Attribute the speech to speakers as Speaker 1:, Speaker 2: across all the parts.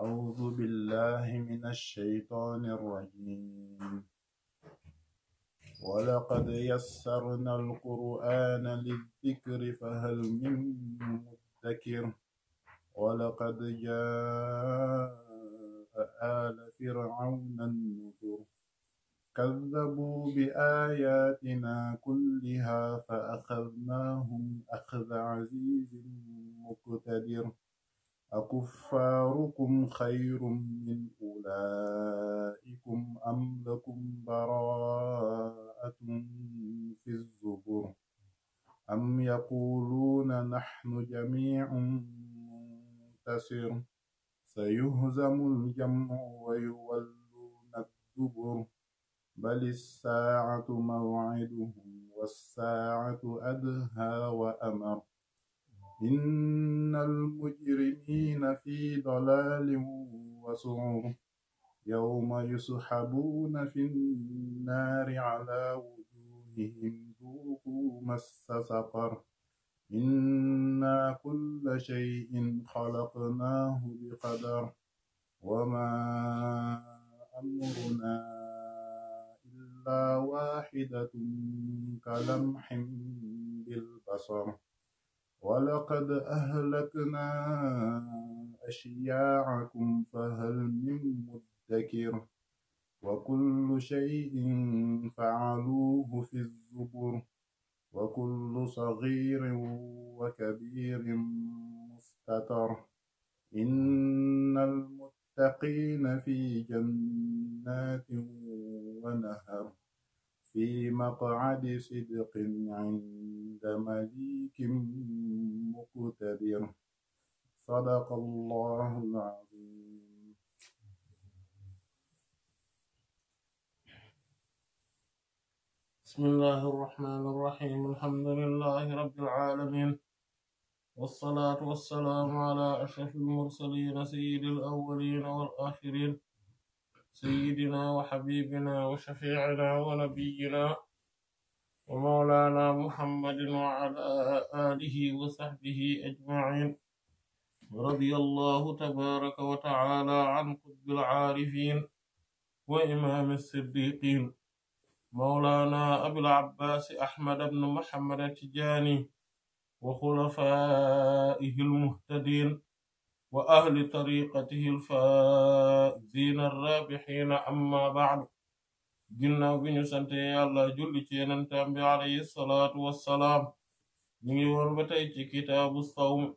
Speaker 1: أعوذ بالله من الشيطان الرجيم ولقد يسرنا القرآن للذكر فهل من مدكر ولقد جاء آل فرعون النذر كذبوا بآياتنا كلها فأخذناهم أخذ عزيز مقتدر أكفاركم خير من أولئكم أم لكم براءة في الزبر أم يقولون نحن جميع منتصر سيهزم الجمع ويولون الدبر بل الساعة موعدهم والساعة أدهى وأمر إن المجرمين في ضلال وسعر يوم يسحبون في النار على وجوههم ذوقوا مس سقر إنا كل شيء خلقناه بقدر وما أمرنا إلا واحدة كلمح بالبصر ولقد أهلكنا أشياعكم فهل من مدكر وكل شيء فعلوه في الزبر وكل صغير وكبير مستتر إن المتقين في جنات ونهر في مقعد صدق عند مليك مقتدر صدق الله العظيم
Speaker 2: بسم الله الرحمن الرحيم الحمد لله رب العالمين والصلاة والسلام على أشرف المرسلين سيد الأولين والآخرين سيدنا وحبيبنا وشفيعنا ونبينا ومولانا محمد وعلى آله وصحبه أجمعين رضي الله تبارك وتعالى عن قطب العارفين وإمام الصديقين مولانا أبو العباس أحمد بن محمد التجاني وخلفائه المهتدين وأهل طريقته الفائزين الرابحين أما بعد جنا بن سنت الله جل جنان تنبي عليه الصلاة والسلام نيجي ورمتي كتاب الصوم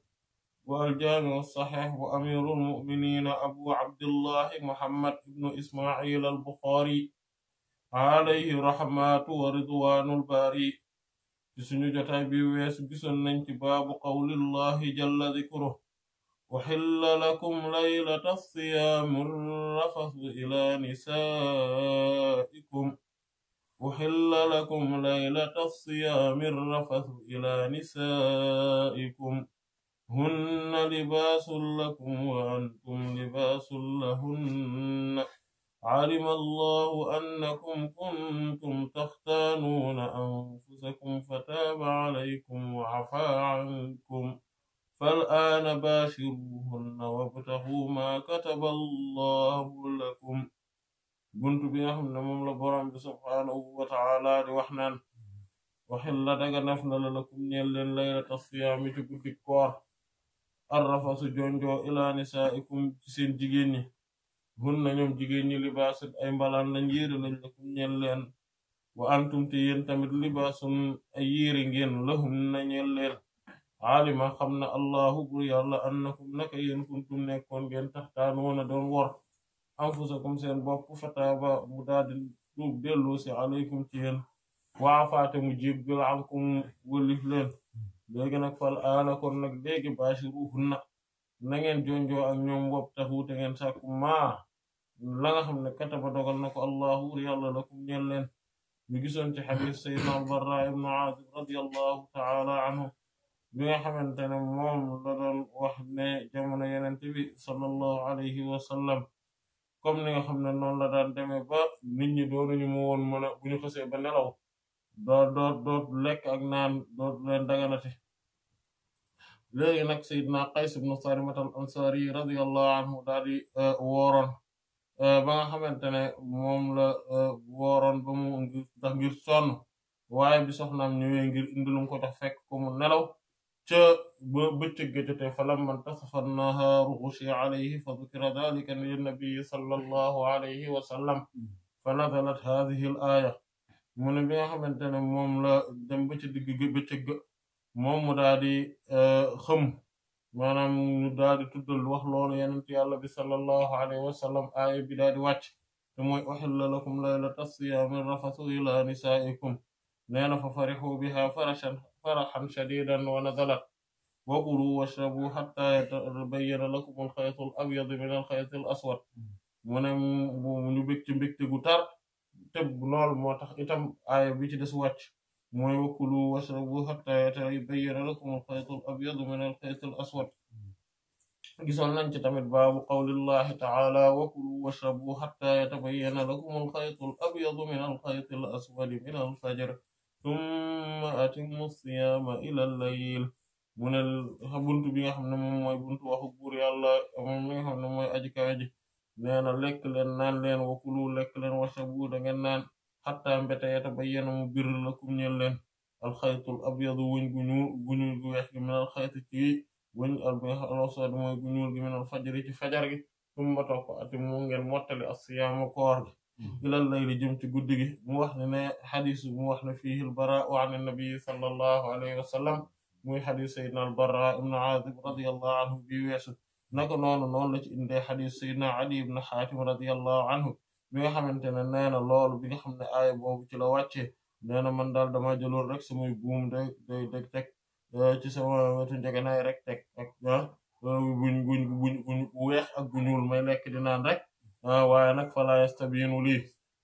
Speaker 2: والجامع الصحيح وأمير المؤمنين أبو عبد الله محمد بن إسماعيل البخاري عليه رحمة ورضوان الباري في سنجة بيويس بسنة باب قول الله جل ذكره أحل لكم ليلة الصيام الرفث إلى نسائكم أحل لكم ليلة الصيام الرفث إلى نسائكم هن لباس لكم وأنتم لباس لهن علم الله أنكم كنتم تختانون أنفسكم فتاب عليكم وعفى عنكم فالآن باشروهن وابتغوا ما كتب الله لكم buntu bi nga xam ne moom la borom bi wa ta'ala di wax naan waxilla daga naf na la lakum ñeel leen laylata siyaami ci guddi koor arrafasu jonjoo ilaa nisaa'ikum ci seen jigéen ñi hunna ñoom jigéen ñi libaasun ay mbalaan lañ yéere wa antum te tamit libaasun ay yéere ngeen lahum na ñeel alima xam na allahu bur yàlla annakum naka yéen kuntum nekkoon ngeen taxtaanoona doon wor anfusakum seen bopp fataaba mu daldi tuub dellu si aleykum ci yéen waafaate mu jéggal ankum wëlif leen léegi nag fal aana kon nag léegi baashiruhunna na ngeen jonjoo ak ñoom wopp taxu te maa la nga xam ne kataba dogal na ko allahu bur yàlla lakum ñeen leen ñu gisoon ci xadiis sayyidina al Aazib radiyallahu taala anhu bi nga xamantene ne moom la doon wax ne jamono yenen bi sallallahu alayhi wa sallam comme ni nga xamne non la daan demee ba nit ñi ñu mu woon mëna bu ñu xësee ba nelaw do do do lek ak naan do leen daganate léegi nak sayyidna qais ibn sarimat al ansari radiyallahu anhu dali woron ba nga xamantene ne moom la woron ba mu ngir ndax ngir son waye bi soxnam ñu ngir indi lu ko tax fekk ko mu nelaw بتجدت فلما انتصفناها رغشي عليه فذكر ذلك للنبي صلى الله عليه وسلم فنزلت هذه الآية من بيها من تنموم مملا دم بتجد بتجد خم وانا مدادي تدل وحلول ينتي الله بصلى الله عليه وسلم آية بلاد واتش ثم أحل لكم ليلة الصيام الرفث إلى نسائكم لأن ففرحوا بها فرشا فرحا شديدا ونزلا وكلوا واشربوا حتى يتبين لكم الخيط الابيض من الخيط الاسود ونم بومن بكت بكت غتار تب نول موتاخ ايتام اي بي تي ديس واتش موي وكلوا واشربوا حتى يتبين لكم الخيط الابيض من الخيط الاسود غيسون نانتي تاميت باب قول الله تعالى وكلوا واشربوا حتى يتبين لكم الخيط الابيض من الخيط الاسود من الفجر summa atimmu siyaama ilal layl mu ne buntu bi nga xam ne moom buntu waxu buur yàlla moom nga xam ne mooy aji ka ji nee na lekk leen naan leen wa kulu len leen washrabu da ngeen naan xattaa mbete yatabayyana mu bir lakum ñeel leen alxaytul abyadu wëñ gu ñuul gu ñuul gu weex gi minal xayti ci wëñ al bi nga xam alosod gu ñuul gi minal fajri ci fajar gi summa topp ati mu ngeen mottali as siyaama koor gi إلى الليل جمت قدقه موحنا حديث موحنا فيه البراء عن النبي صلى الله عليه وسلم موي حديث سيدنا البراء ابن عاذب رضي الله عنه بيويسه نقنون نولج إن دي حديث سيدنا علي بن حاتم رضي الله عنه موي حمنتنا نانا لول بني حمنا آي بوب تلواتي نانا من دال دما جلور ركس موي بوم دي دي دي تك ci sama wetu ndegenaay rek tek ak ya buñ buñ buñ buñ wex ak bu ñuul may nekk di naan rek واي نك فلا يستبين لي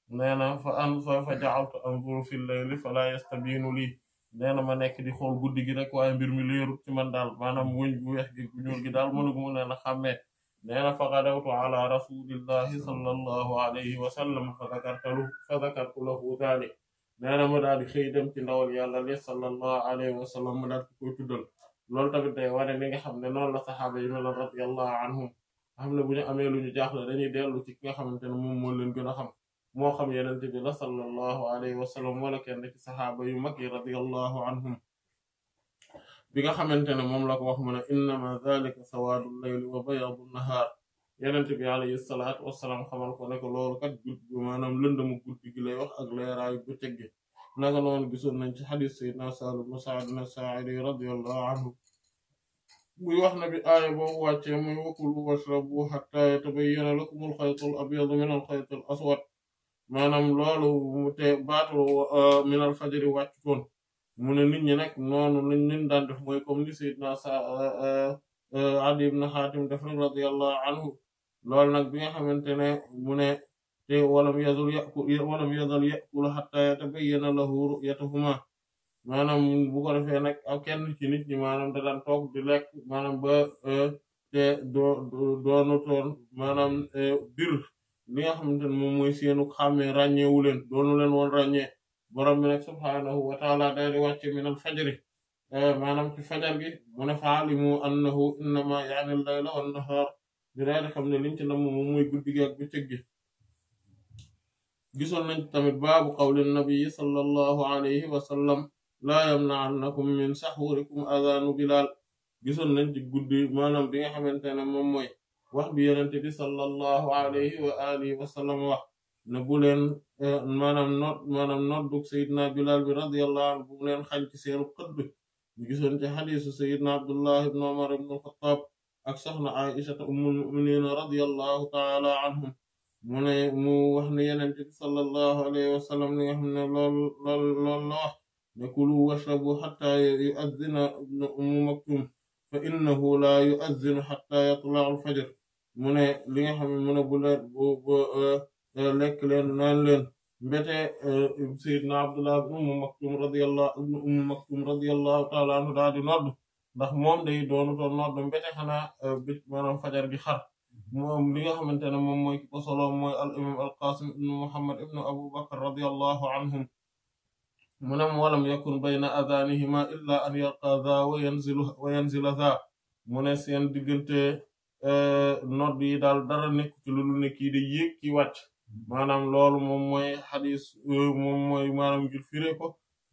Speaker 2: نانا فان فف جعلت انظر في الليل فلا يستبين لي نانا ما نك دي خول غودي غي رك واي مير مي ليرو تي مان دال مانام وين بو يخ غي نور غي دال مانو مو نانا خامي نانا فقدوت على رسول الله صلى الله عليه وسلم فذكرت له فذكرت له ذلك نانا ما دال خي دم تي ناول يالا لي صلى الله عليه وسلم نات كو تودل لول تاك دي واني ميغا خامني نول لا صحابه رضي الله عنهم xam ne bu ñu amee lu ñu jaaxle dañuy dellu ci ki nga xamante ne moom moo leen xam moo xam yenente bi la sallallahu alayhi wa wala kenn ci saxaaba yu mag yi radiyallahu anhum bi nga xamante ne moom la wax mu ne innama zalika sawaadul layli wa bayadun nahaar yenente bi alayhi salaatu wassalaam xamal ko ne kat guddi gi maanaam lëndëmu guddi gi lay wax ak leeraayu bëccëg gi naka noonu gisoon nañ ci xadis sayyidina Sahl ibn Sa'd بو يوحنا بآية بو واتي من وكل واشربو حتى يتبين لكم الخيط الأبيض من الخيط الأسود ما نم لولو باتو من الفجر واتكون من نيني نك نون نيني ندان دف موي كوم ني سيدنا سا آه، آه، آه، علي بن حاتم دف رضي الله عنه لول نك بيغا خامتاني مو ني تي ولم يذل ياكل ولم يذل ياكل حتى يتبين له رؤيتهما manam bu ko defé nak ak kenn ci nit ñi manam da lan tok di lek manam ba te do do no doonutoon manam bir li nga xamantene mom moy seenu xamé ragné wu len do no len won ragné borom bi nak subhanahu wa taala da di wacc wàcce minal fajri manam ci fajr bi mun faalimu annahu ya'ni al layla wan nahaar di daal di xam ne liñ ci nam mom moy guddi gi ak bu gi gisoon nañ tamit baabu qawli nabi sallallahu alayhi wa sallam laa yamna'annakum min sahurikum adanu bilal gisoon nañ ci gudd manam bi nga xamantene mom moy wax bi yaronte bi sallallahu alayhi wa alihi wa sallam wax na bu len manam not manam not noddug sayidna bilal bi radiyallahu anhu bu len xal ci seenu xëdd ñu gisoon ci hadithu sayidna abdullah ibn umar ibn al-khattab ak sahna aisha ummul mu'minin radiyallahu taala anhum mu ne mu wax ni yaronte bi sallallahu alayhi wa sallam ni nga lol lol lol wax نكلوا واشربوا حتى يؤذن ابن أمومكم فإنه لا يؤذن حتى يطلع الفجر من لي خم من بول أه، أه، لك لين نان لين بيت أه، سيدنا عبد الله بن مكتوم رضي الله ابن ام مكتوم رضي الله تعالى عنه دا دي نود داخ موم داي دونو تو نود بيت خنا بيت مانام فجر بي خار موم لي خم انت موم موي كو صلو موي الامام القاسم بن محمد ابن ابو بكر رضي الله عنهم منم ولم يكن بين أذانهما إلا أن يلقى ذا وينزل وينزل ذا منس يندقنت نور بي دال دار نيك تي لولو نيك دي ييك كي وات مانام لول موم موي حديث موم موي مانام جول فيري كو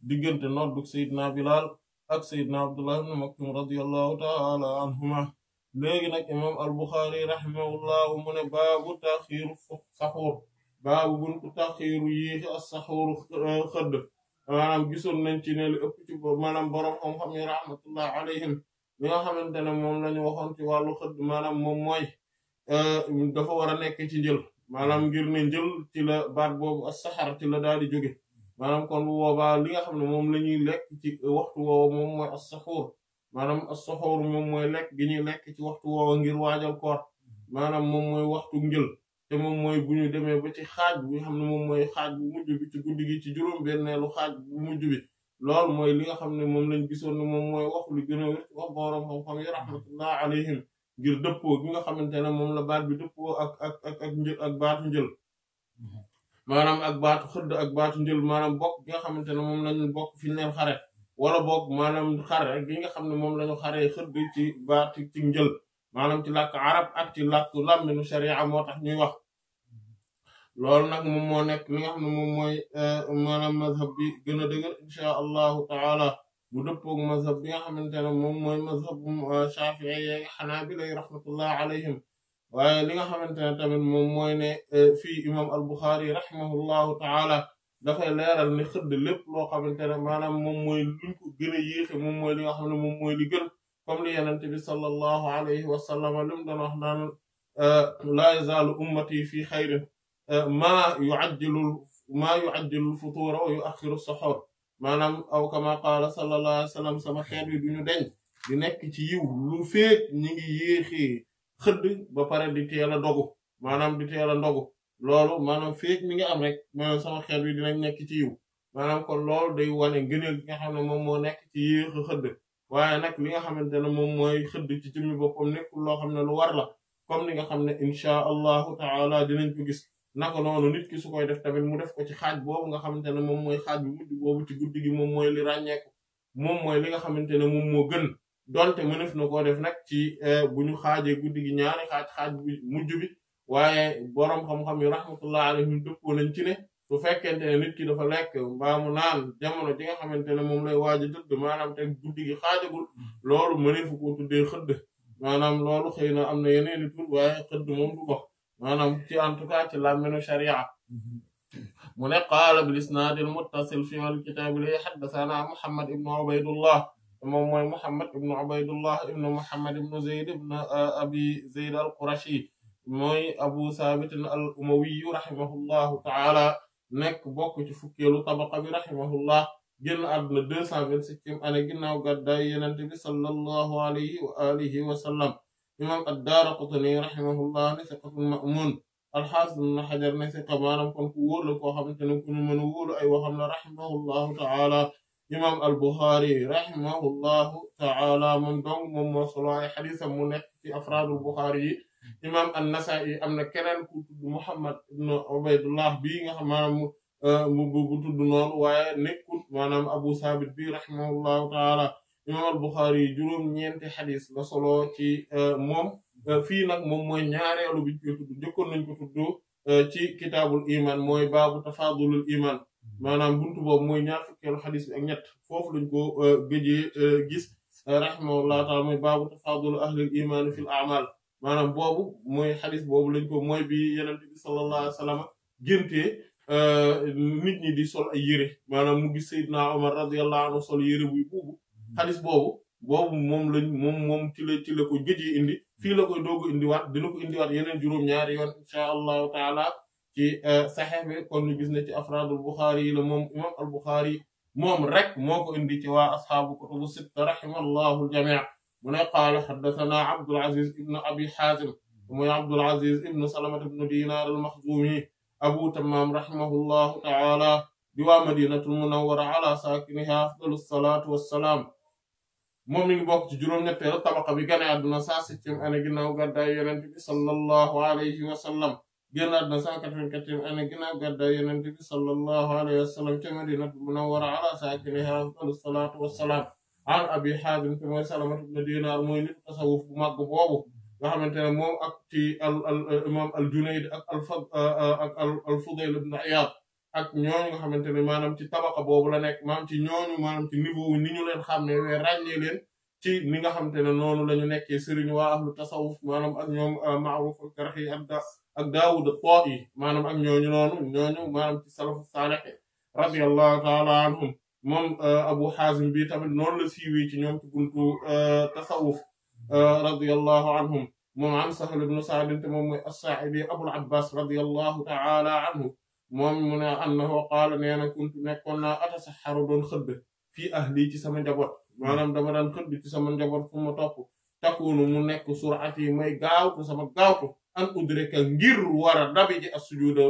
Speaker 2: ديغنت نور بك سيدنا بلال اك سيدنا عبد الله بن مكتوم رضي الله تعالى عنهما لغي نك امام البخاري رحمه الله من باب تاخير السحور باب بن تاخير يي السحور خد maanaam gisoon nañ ci ne lu ëpp ci maanaam borom xam-xam yi rahmatullah alayhim li nga xamante ne moom la ñu waxoon ci wàllu xëdd maanaam moom mooy euh, dafa war a nekk ci njël maanaam ngir ne njël ci la baat boobu as-saxar ci la daal di jóge maanaam kon bu boobaa li a xam ne moom la ñuy lekk ci waxtu woowu moom mooy as-saxuur maanaam as-saxuur moom mooy lekk gi ñuy lekk ci waxtu woowu ngir waajal koor maanaam moom mooy waxtu njël te moom mooy bu ñu demee ba ci xaaj bi nga xam ne moom mooy xaaj bu mujj bi ci guddi gi juróom-benneelu xaaj bu mujj bi loolu mooy li nga xam ne moom lañ gisoon ne moom mooy wax lu gën a wér wax boroom xam-xam yi rahmatullah alayhim ngir dëppoo gi nga xamante ne moom la baat bi dëppoo ak ak ak ak njël ak ak baatu xëdd ak baatu maanaam bokk gi nga xamante ne moom lañu bokk fi ñu xare wala bokk maanaam xare gi nga xam ne moom lañu xare xëdd ci baat ci njël manam ci lak arab ak ci làkk làmminu sharia moo tax ñuy wax lool nak moom mo nek li nga xamne ne moy manam mazhab bi gëna a insha allah allahu taala mu dëppoog mazhab bi nga xamante ne moy mazhab shafi'i yeeg xanaabila rahmatullah alayhim waaye li nga xamante tamen tamit moy ne fi imam al-Bukhari rahimahullahu taala da fay leral ni xëdd lépp lo xamante manam maanaam moy mooy luñ ko gëna yéxe yéexe moy li nga xamne ne moy li gëna comme li yenente bi sallallahu alayhi wa sallama li mu doon wax naan laa yazaalu ummati fi xayrin maa yuajjilul maa yuajjilul futuura wa yuaxiru soxoor maanaam aw kama qaala sallallahu alayhi wa sallam sama xeet wi duñu deñ di nekk ci yiw lu feek ñi ngi yéexee xëdd ba pare di teel a dogu maanaam di teel a ndogu loolu maanaam feek mi ngi am rek maanaam sama xeet wi dinañ nekk ci yiw maanaam kon loolu day wane ngëneel gi nga xam ne moom moo nekk ci yéex a xëdd waaye nag li nga xamante ne moom mooy xëdd ci jëmmi boppam nekkul loo xam ne lu war la comme ni nga xam ne incha allahu taala dinañ ko gis naka noonu nit ki su koy def tamit mu def ko ci xaaj boobu nga xamante ne moom mooy xaaj bu mujj boobu ci guddi gi moom mooy li ràññeeku moom mooy li nga xamante ne moom moo gën donte mënef na ko def nag ci eh, bu ñu xaaje guddi gi ñaari xaaj xaaj bu mujj bi waaye boroom xam-xam yi rahmatullah alayhim dëppoo nañ ci ne bu fekkente nit ki dafa lek ba mu nan jamono ji nga xamantene mom lay waji dudd manam tek te guddi gi xaajagul loolu mëneefu ko tuddé xëdd manam lolu xeyna amna yeneen i tur waaye xëdd mom du ko manam ci en tout cas ci lamino sharia muné qala bil isnad al muttasil fi al kitab li hadathana muhammad ibn ubaydullah mom moy muhammad ibn ubaydullah ibn muhammad ibn zayd ibn abi zayd al qurashi moy abu saabitin al umawi rahimahullah taala nek bok ci fukkeelu tabaqa bi rahimahullah génn aduna 227e ane ginnaw gadda ginnaaw yenente bi sallallahu alayhi wa alihi wa sallam imam ad darqutni rahimahullah ni siqatul ma'mun alxaafis ibn Hajar ne siqa maanaam kon ko wor ko koo ko ne ku ñu mën a ay waxam la rahimahullah ta'ala imam al-Bukhari rahimahullah ta'ala mun dong moom moo solo ay xadiisam mu nekk ci afraadul Bukhari imam an-Nasa'i am na keneen ku tudd Muhammad ibn Ubaydullah bii nga xam maanaam mu bu euh, tudd noonu waaye nekkul maanaam Abu Sabit bi rahimahullahu taala imam al-Bukhari yi juróom-ñeenti xadis la solo ci euh, moom euh, fii nag moom mooy ñaareelu bi ñu tudd jëkkoon tudd ci kitaabul iman mooy baabu tafaadulul iman maanaam buntu boobu mooy ñaar fukkeelu xadis ñett foofu lañ ko gëjee gis rahimahullahu taala mooy baabu tafaadulu ahlil iman fil a'mal maanaam boobu mooy xadis boobu lañ ko mooy bi yeneen bi sallallahu alayhi wa sallam euh, ñi di sol ay yére maanaam mu gis Seydina Omar radiyallahu anhu sol yére buy buubu xadis boobu boobu moom lañ moom moom ci la ci la ko gëjee indi fii la koy doogu indiwaat dina ko indiwaat yeneen juróom-ñaari yoon incha allahu taala ci euh, saxeex bi kon ñu gis ne ci afraadul Buxaari yi moom imam al Buxaari moom rek moo ko indi ci waa asxaabu kutubu sitta rahimallahu al jamii من قال حدثنا عبد العزيز ابن أبي حازم ومن عبد العزيز ابن سلمة ابن دينار المخزومي أبو تمام رحمه الله تعالى دوا مدينة المنورة على ساكنها أفضل الصلاة والسلام مؤمن بوك جروم نتي طبقه بي غنا ادنا 106 انا غيناو غدا يونتي صلى الله عليه وسلم غنا ادنا 184 انا غيناو غدا يونتي صلى الله عليه وسلم تمدينه المنوره على ساكنها افضل الصلاه والسلام an abi xaazim te mooy salamatu ibn dinar mooy nit tasawuf bu màgg boobu nga xamante ne moom ak ci al al imam al junayd ak al fa ak al fudayl ibn iyad ak ñooñu nga xamante ne maanaam ci tabaqa boobu la nekk maanaam ci ñooñu maanaam ci niveau ni ñu leen xam ne ràññee leen ci ni nga xamante ne noonu la ñu nekkee sëriñ waa ahlu tasawuf maanaam ak ñoom ma'ruf al-karhi ak da ak daawud at-ta'i maanaam ak ñooñu noonu ñooñu maanaam ci salafu salih radiyallahu ta'ala anhum moom Abu Hazim bi tamit non la siwi ci ñom ci buntu tasawuf radiyallahu anhum mom am Sahl ibn Sa'd te mom moy as-Sa'idi al Abbas radiyallahu ta'ala anhu mom muna annahu qala nena kunt kuntu nekkoon naa atasaxaru doon xëdd ahli ci sama njaboot manam dama dan xëdd ci sama njaboot fu mu top takunu mu nekk surati may ko sama gaaw ko an udrika ngir wara dabi ci as-sujuda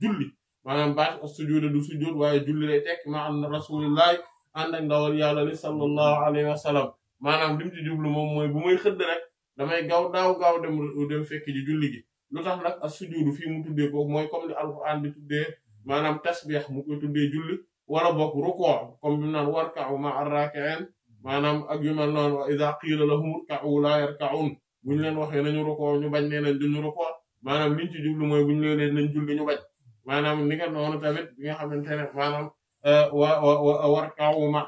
Speaker 2: julli maanaam baat a sujuud du sujuud waaye julli lay tekk ma anna rasulillahi ànd ak ndawal yàlla li sallallahu alayhi wa sallam maanaam li jublu moom mooy bu muy xëdd rek damay gaaw daaw gaaw dem dem fekk ji julli gi lu tax nag as-sujuud fii mu tuddee ko mooy comme li alquran di tuddee maanaam tasbih mu koy tuddee julli wala bokk rukuu comme bi mu naan warka'u ma'a raaki'iin maanaam ak yu mel noonu wa idha qiila lahum irka'u laa yarka'uun bu ñu leen waxee na rukuu ñu bañ nee nañ duñu rukuu ñu leen nañ julli ñu maanaam ni nga noonu tamit bi nga xamante ne maanaam euh, wa wa warka'u ma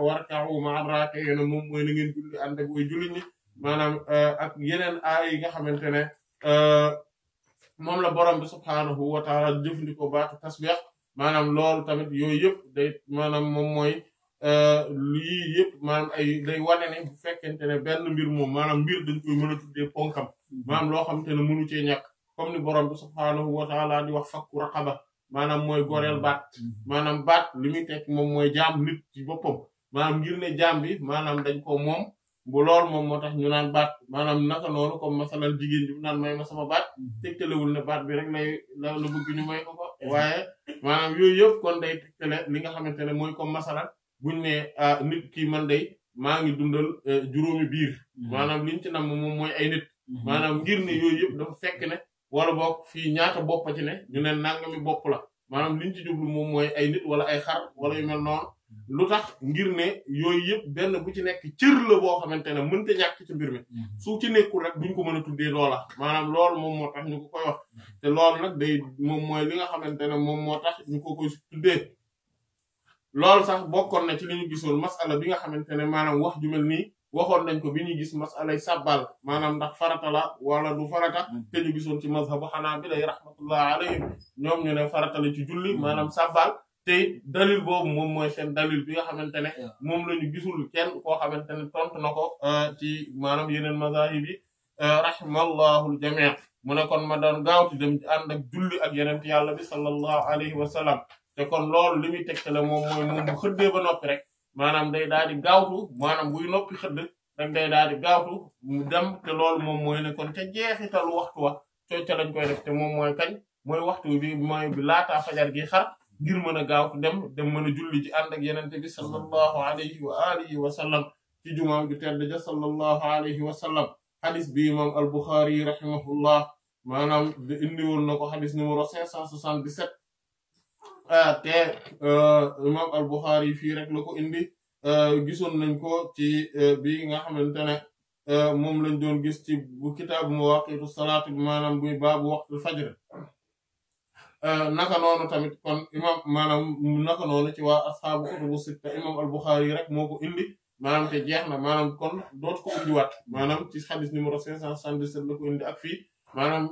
Speaker 2: warka'u ma'a raaki'iin moom mooy na ngeen julli ànd ak way julli ñi maanaam euh, ak yeneen aay nga xamante ne euh, moom la borom bi subhaanahu wa ta'ala jëfandikoo baatu tasbih maanaam loolu tamit yooyu yëpp day maanaam moom mooy lii yëpp maanaam ay day wane ne bu benn mbir moom maanaam mbir dañ koy mën a tuddee mm-hmm. loo xamante ne mënu cee ñàkk comme ni borom bi subhaanahu wa ta'ala di wax fakku raqaba maanaam mooy goreel mm-hmm. baat mm-hmm. maanaam baat li muy tekk moom mooy jaam nit ci boppam maanaam ngir ne jaam bi maanaam dañ ko moom bu lool moo tax ñu naan baat maanaam naka jigéen ji naan may ma sama baat mm-hmm. tegtalewul ne baat bi rek lay la la bëgg ñu may ko ko waaye maanaam yooyu yëpp kon day tegtale li nga xamante ne mooy comme masalan buñ ne ah, nit ki man day maa ngi dundal eh, juróomi biir maanaam liñ ci nam moom mooy ay nit maanaam ngir ne yooyu yëpp dafa fekk ne wala boog fii ñaata bopp ci ne ñu ne nangami bopp la maanaam liñ ci jublu moom mooy ay nit wala ay xar wala yu mel noonu lu tax ngir ne yooyu yëpp benn bu ci nekk cër la boo xamante ne mënta ñàkk ci mbir mi mhm. su ci nekkul rek duñ ko mën a tuddee loola maanaam lool moom moo tax ñu ko koy wax mhm. te lool nag day moom mooy li nga xamante ne moom moo tax ñu ko koy tuddee loolu sax bokkoon na ci li ñu gisoon masala bi nga xamante ne maanaam wax ju mel waxoon nañ ko bi ñuy gis masalay sabbal maanaam ndax farata la wala du farata hmm. te ñu gisoon ci mazhabu hanabila rahmatullah alayhim ñoom ñu ne farata la ci julli maanaam sabbal te dalil boobu moom mooy seen dalil bi nga xamante ne moom la ñu gisul kenn koo xamante ne tontu na ko uh, ci maanaam yeneen mazahib yi uh, rahimallahu aljamii mu kon ma doon gaawti dem ci ànd ak julli ak yeneen yàlla bi sallallahu alayhi wa sallam te kon loolu li muy tegtale moom moom xëddee ba maanaam day daal di gaawtu maanaam buy noppi xëdd day daal di gaawtu mu dem te lool moom mooy ne kon ca jeexitalu waxtu wa cooc ca lañ koy def te moom mooy kañ mooy waxtu bi mooy bi laataa fajar gi xar gir mën a gaawtu dem dem mën a julli ci ànd ak yenente bi sallallahu alayhi wa alihi wa sallam ci jumaam ju tedd ja sallallahu alayhi wa sallam xadis bi imam al buxaari rahimahullah maanaam de indi woon na ko xadis numéro 567 Ah, te ah, imam al-Bukhari fii rek la ko indi ah, gisoon nañ ko ci bi nga xamante ne moom lañ doon gis ci bu kitaabu mawaaqiitu salaat bi maanaam buy baabu waxtu fajr naka noonu tamit kon imam maanaam naka noonu ci waa asxaabu kutubu sitta imam al rek moo ko indi maanaam te jeex na maanaam kon doot ko indiwaat maanaam ci xadis numéro 577 la ko indi ak fii maanaam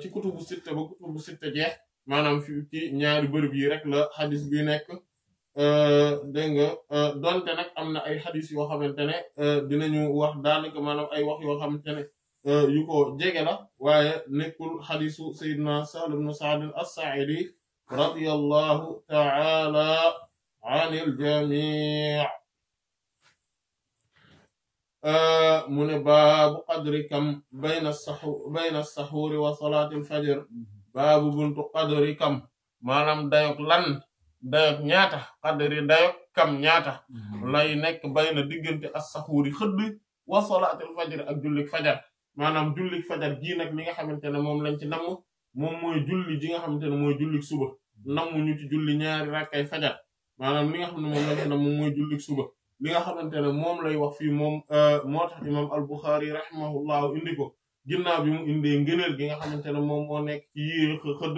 Speaker 2: ci kutubu sitta ba kutubu sitta jeex. maanaam fi ci ñaari bërëb yi rek la xadis bi nekk euh, dégg nga euh, donte nag am na ay xadis yoo xamante ne euh, dinañu wax daanaka maanaam ay wax yoo xamante ne yu ko waaye nekkul xadisu sayyidina Sahl ibn Sa'd as-Sa'idi radiyallahu ta'ala anil jami' mu ne baabu qadri kam bayna as-sahur bayna as wa salaati al-fajr mm-hmm. baabu buntu qadri kam maanaam dayok lan dayok ñaata qadri dayok kam ñaata mhm. lay nekk bay na diggante as-saxuuri xëdd wa salaatil fajr ak jullik fajar maanaam jullik fajar gii nag li nga xamante ne moom lañ ci namm moom julli ji nga xamante ne mooy jullik suba namm ñu ci julli ñaari rakkay fajar maanaam li nga xam ne moom jullik suba li nga xamante ne moom lay wax fii moom euh, moo tax imam al-Bukhari rahimahullahu indi ko ginnaaw bi mu indee ngëneel gi nga xamante ne moom moo nekk ci yéex xëdd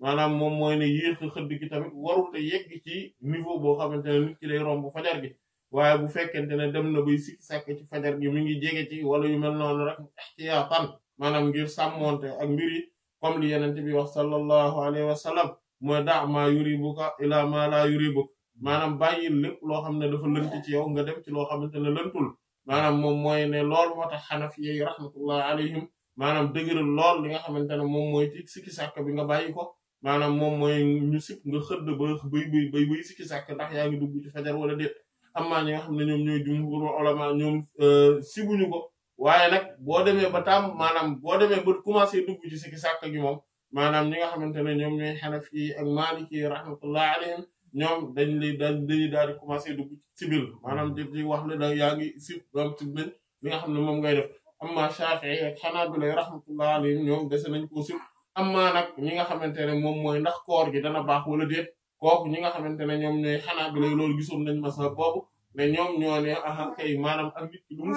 Speaker 2: maanaam moom mooy ne yéex a xëdd gi tamit warul te yegg ci niveau boo xamante ne nit ki day romb fajar gi waaye bu fekkente ne dem na bay sikki sàkk ci fajar gi mi ngi jege ci wala yu mel noonu rek ihtiyaatan maanaam ngir sàmmonte ak mbir yi comme li yenente bi wax sallallahu alayhi wa sallam mooy da ma yuribuka ila ma la yuribuk maanaam bàyyil lépp loo xam ne dafa lënt ci yow nga dem ci loo xamante ne lëntul maanaam moom mooy ne lool moo tax xanafi yi rahmatullah alayhim maanaam lool li nga xamante ne moom mooy ci sikki sàkk bi nga bàyyi ko maanaam moom mooy ñu sikk nga xëdd ba bay bay bay bay sikki sàkk ndax yaa ngi dugg ci fajar wala am amma ni nga xam ne ñoom ñooy jumhur ulama ñoom euh, sibuñu ko waaye boo demee ba tam maanaam boo demee ba commencé dugg ci sikki sàkk moom maanaam ñi nga xamante ne ñoom ñooy xanafi ak maliki rahmatullah alayhim ñoom dañ lay dañ dañuy daal di commencé dugg sibil maanaam di di wax ne da yaa ngi sib doom sib nañ nga xam ne moom ngay def amma Shafi'i ak Hanabila rahmatullah alayhim ñoom dese nañ ko am amma nag ñi nga xamante ne moom mooy ndax koor gi dana baax wala déet kook ñi nga xamante ne ñoom ñooy Hanabila loolu gisoon nañ masal boobu ne ñoom ñoo ne aha kay maanaam ak nit ki lu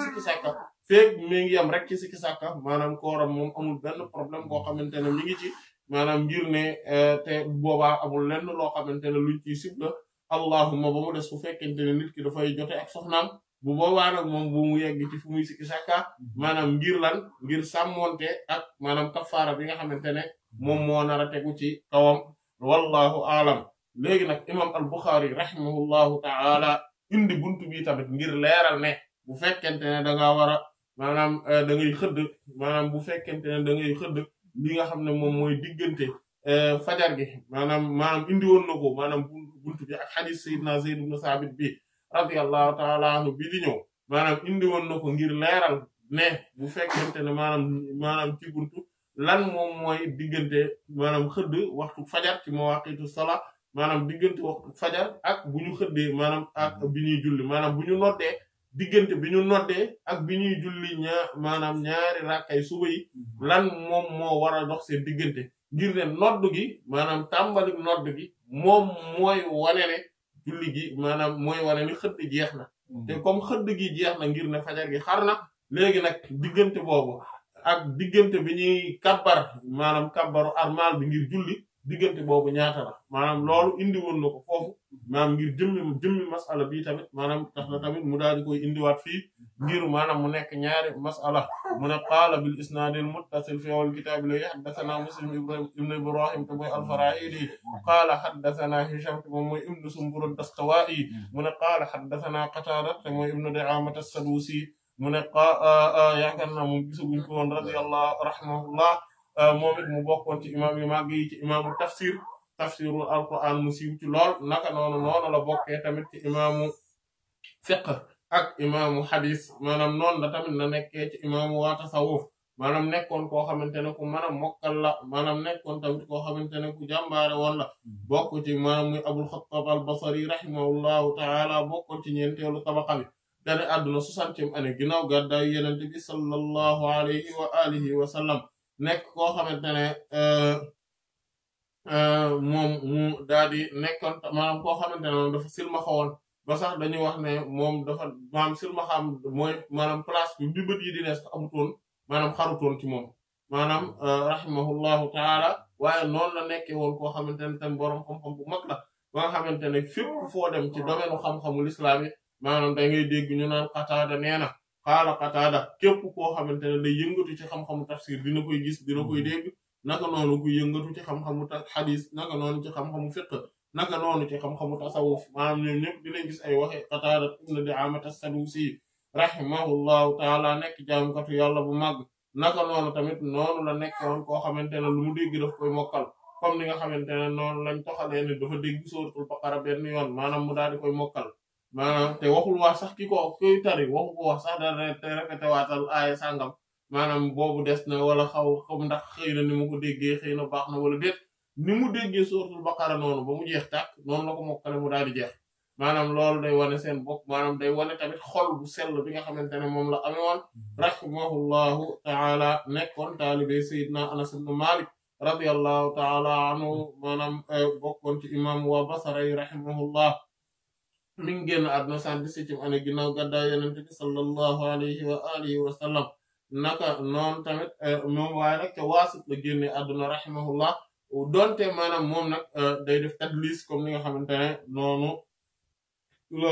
Speaker 2: feeg mi ngi yam rek ci sikki sàkka maanaam kooram moom amul benn problème boo xamante ne mi ngi ci maanaam ngir ne eh, te boobaa amul lenn loo xamante ne luñ ciy sib la allahumma ba mu des su fekkente nit ki dafay jote ak soxnaam bu boobaa nag moom bu mu yegg ci fu muy sikki sàkka mhm. maanaam ngir lan ngir sàmmonte ak maanaam kafaara bi nga xamante ne moom moo nar a tegu ci kawam wallahu aalam léegi nag imam al buxaari rahimahullahu ta'ala indi buntu bi tamit ngir leeral ne bu fekkente ne da ngaa war a maanaam eh, da xëdd maanaam bu fekkente ne da ngay xëdd li nga xam ne moom mooy diggante Euh, fajar gi maanaam maanaam indi woon na ko maanaam buntu bi ak xadis sayyidina Zayd ibn Sabit bi radiyallahu ta'ala anhu bi di ñëw maanaam indi woon na ko ngir leeral ne bu fekkente ne maanaam maanaam ci buntu lan moom mooy diggante maanaam xëdd waxtu fajar ci mawaqitu sala maanaam diggante waxtu fajar ak bu ñu xëddee maanaam ak mhm. maanaam bu ñu noddee diggante bi ñu noddee ak bi ñuy julli maanaam ñaari rakkay suba yi mhm. lan moom moo wara a dox seen diggante ngir ne nodd gi maanaam tàmbali nodd gi moom mooy wane ne julli gi maanaam mooy wane xëdd jeex na mm-hmm. te comme xëdd gi jeex na ngir ne fajar gi xar na léegi nag diggante boobu ak diggante bi ñuy kabbar maanaam kabbaru armal bi ngir julli diggante boobu ñaata la maanaam loolu indi woon na ko foofu maanaam ngir jëmmi jëmmi masala bii tamit maanaam tax tamit mu daal di koy indiwaat fii ngir maanaam mu nekk ñaari masala mu ne qaala bil isnaadil muttasil fi awwal kitaab li haddasanaa muslim ibn ibrahim te mooy al-faraa'idi qaala haddasanaa hisham mooy ibn sumbur ad-dastawaa'i mu ne qaala haddasanaa qataada te mooy ibn di'aamata as-saduusi mu ne yaakaar naa moom gisaguñ ko woon radiyallahu rahimahullah Euh, moom it mu bokkoon ci imaam yu màgg yi ci imaamu tafsir tafsirul alquran mu siiw ci lool naka noonu noonu la bokkee tamit ci imaamu fiqh ak imaamu hadis maanaam noonu la tamit la nekkee ci imaamu waa tasawuf maanaam nekkoon koo xamante ne ku mën a mokkal la maanaam nekkoon tamit koo xamante ne ku jàmbaare woon la bokk ci maanaam muy xattaab al basri rahimahullahu taala bokkoon ci ñeenteelu tabaqa bi gane àdduna soixantième année ginnaaw gàddaayu yenente bi sallallahu alayhi wa nekk koo xamante ne euh, euh, moom mu daal di nekkoon maanaam koo xamante ne moom dafa silmaxa woon ba sax dañuy wax ne moom dafa maanaam silmaxaam mooy place bi bi bët yi di nees amutoon maanaam xarutoon ci moom maanaam euh, rahimahullahu taala waaye noonu la nekkee woon koo xamante ne tam boroom xam bu mag la ba nga xamante ne fépp foo dem ci domaine u xam-xamul islaami maanaam da ngay dégg ñu naan Qataada nee na qaala qataada képp koo xamante ne day yëngatu ci xam-xamu tafsir dina koy gis dina koy mhm. dégg naka noonu ku yëngatu ci xam-xamu xadis naka noonu ci xam-xamu fiqh naka noonu ci xam-xamu tasawuf maanaam ñoom ñëpp dinañ gis ay waxe qataada ibn di'aamat as-sadusi rahimahullahu taala nekk jaamkatu yàlla bu mag naka noonu tamit noonu la nekkoon koo xamante ne lu mu dégg daf koy mokkal comme ni nga xamante ne noonu lañ toxalee ne dafa dégg suratul baqara benn yoon maanaam mu daal di koy mokkal maana te waxul wax sax ki ko koy tari waxu ko wax sax dara te répété waatal aaya sàngam maanaam boobu des na wala xaw xam ndax xëy na ni mu ko déggee xëy na baax na wala déet ni mu déggee suratul baqara noonu ba mu jeex tàkk noonu la ko mokkale mu daal di jeex maanaam lool day wane seen bopp maanaam day wane tamit xol bu sell bi nga xamante ne moom la amee woon rahimahullahu taala nekkoon taalibe sayidna anas ibn malik radiyallahu taala anhu maanaam eh, bokkoon ci imam waa basara mi ngi génn àdduna cent dix-septième année ginnaaw gàddaay yonent bi sallallahu alayhi wa alihi wa sallam naka noonu tamit euh, moom waaye nag ca waasit la génne àdduna rahimahullah doonte maanaam moom nag euh, day def tadlis comme ni nga xamante ne noonu la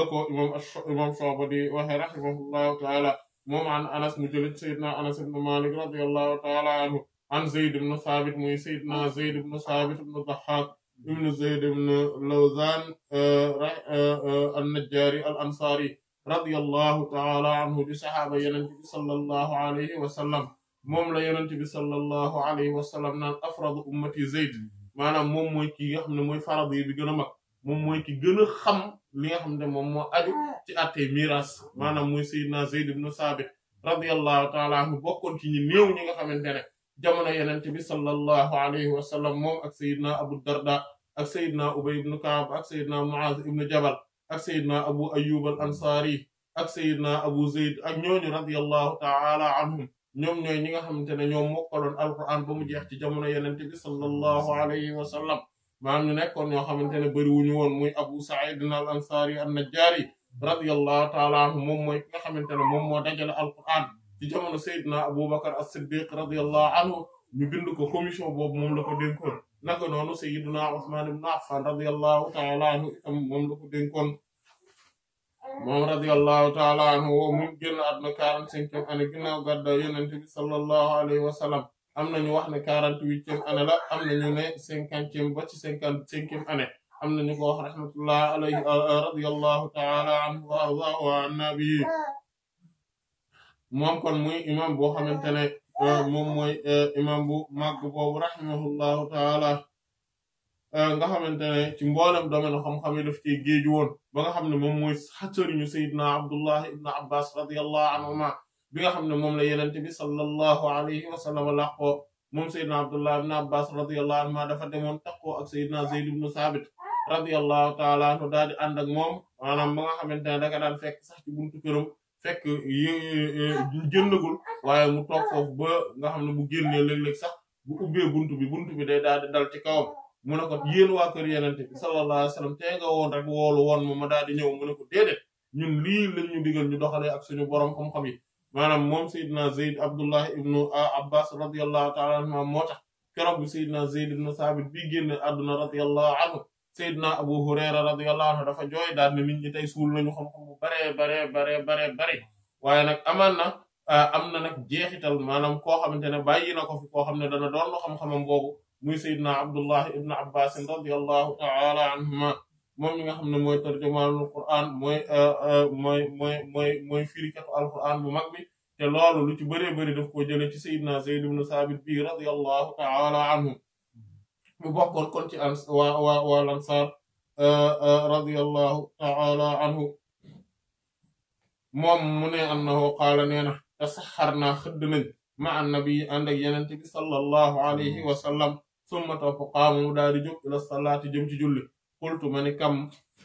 Speaker 2: imam imam di waxe rahimahullahu taala moom an anas mu jëlit sayyidna anas ibn malik radiyallahu taala anhu an zayd ibn saabit muy sayyidna zayd ibn saabit ibn dhahhak ابن زيد بن لوزان آه، آه، آه، النجاري الأنصاري رضي الله تعالى عنه بصحابة ينتبه صلى الله عليه وسلم مملا لا صلى الله عليه وسلم نان أفرض أمتي زيد معنا موم موي كي يحمل موي فرضي بيغنو مك موم موي كي غنو خم لي يحمل موم مو أدو تي أتي ميراس معنا موي سيدنا زيد بن ثابت رضي الله تعالى عنه بوكون تي نيو نيغا خامنتي jamono yenent bi sallallahu alayhi wa sallam moom ak sayidna abu darda ak sayidna ubay ibn kaab ak sayidna muaz ibn jabal ak sayidna abu ayyub al ansaari ak sayidna abu zayd ak ñooñu radiyallahu ta'ala anhum ñoom ñooy ñi nga xamante ne ñoom mokkaloon alquran ba mu jeex ci jamono yenent bi sallallahu alayhi wa sallam maanaam ñu nekkoon ñoo xamante ne bëri wuñu muy abu sa'id al ansaari an najjaari radiyallahu ta'ala anhu moom mooy ki nga xamante ne moom moo dajale alquran ci jamono Seydina Aboubacar as-Siddiq radiyallahu anhu ñu bind ko commission boobu moom la ko dénkoon naka noonu Seydina Ousmane ibn Affan radiyallahu ta'ala anhu moom la ko dénkoon moom radiyallahu ta'ala anhu woo mu génn àdduna quarante-cinquième année ginnaaw gàddaay Yonent bi sallallahu alayhi wa sallam am na ñu wax ne quarante-huitième année la am na ñu na ñu moom kon muy imam boo xamante ne euh, moom mooy euh, imam bu màgg boobu rahimahullahu taala euh, nga xamante ne ci mboolem domaine xam-xam yi daf ciy géeju woon ba nga xam ne moom mooy sëriñu sayidna abdullah ibn abbas radiyallahu anhuma bi nga xam ne moom la yenent bi sallallahu alayhi wa sallam làqoo moom sayidna abdullah ibn abbas radiyallahu anhuma dafa demoon taqoo ak sayidna zayd ibn saabit radiyallahu taala anhu daal di ànd ak moom maanaam ba nga xamante ne daka daan fekk sax ci buntu këram fekk génnagul waaye mu toog foofu ba nga xam ne mu génnee léeg-léeg sax bu ubbee bunt bi buntu bi day daal di dal ci kawam mu ne ko yéen waa kër yenente bi sallallahu alayhi wasallam nga woon rek woolu woon ma ma daal di ñëw mu ne ko déedéet ñun lii lañ ñu digal ñu doxalee ak suñu borom xam-xam yi maanaam moom sayyidina zayd abdullah ibnu abbas radiyallahu ta'ala anhuma moo tax keroog bi sayyidina zayd ibnu saabit bi génne àdduna radiyallahu anhu Seydina Abu Hurayra radiyallahu anhu dafa jooy daal ne nit ñi tey suul nañu xam-xam bu baree baree baree bare waaye nag amaan na ah, am na nag jeexital maanaam koo xamante ne bàyyi na ko fi koo xam ne dana doon na xam-xamam boobu muy Seydina Abdullah ibn Abbas radiyallahu ta'ala anhuma moom mi nga xam ne mooy tarjumaanul Qur'an mooy ah, ah, mooy mooy mooy mooy firikatu al-Qur'an bu mag bi te loolu lu ci bëree bëri daf koo jëlee ci Seydina Zayd ibn Sabit bi radiyallahu ta'ala anhu mu bokkoon kon ci ans waa waa waa lansaar euh, euh, radiyallahu ta'ala anhu moom mu ne annahu qaala nee na tasaxarnaa xëdd ma annabi ànd ak yenente bi sallallahu alayhi wa sallam summa topp qaama mu daal di jóg ila salaati jëm ci julli qultu ma ni kam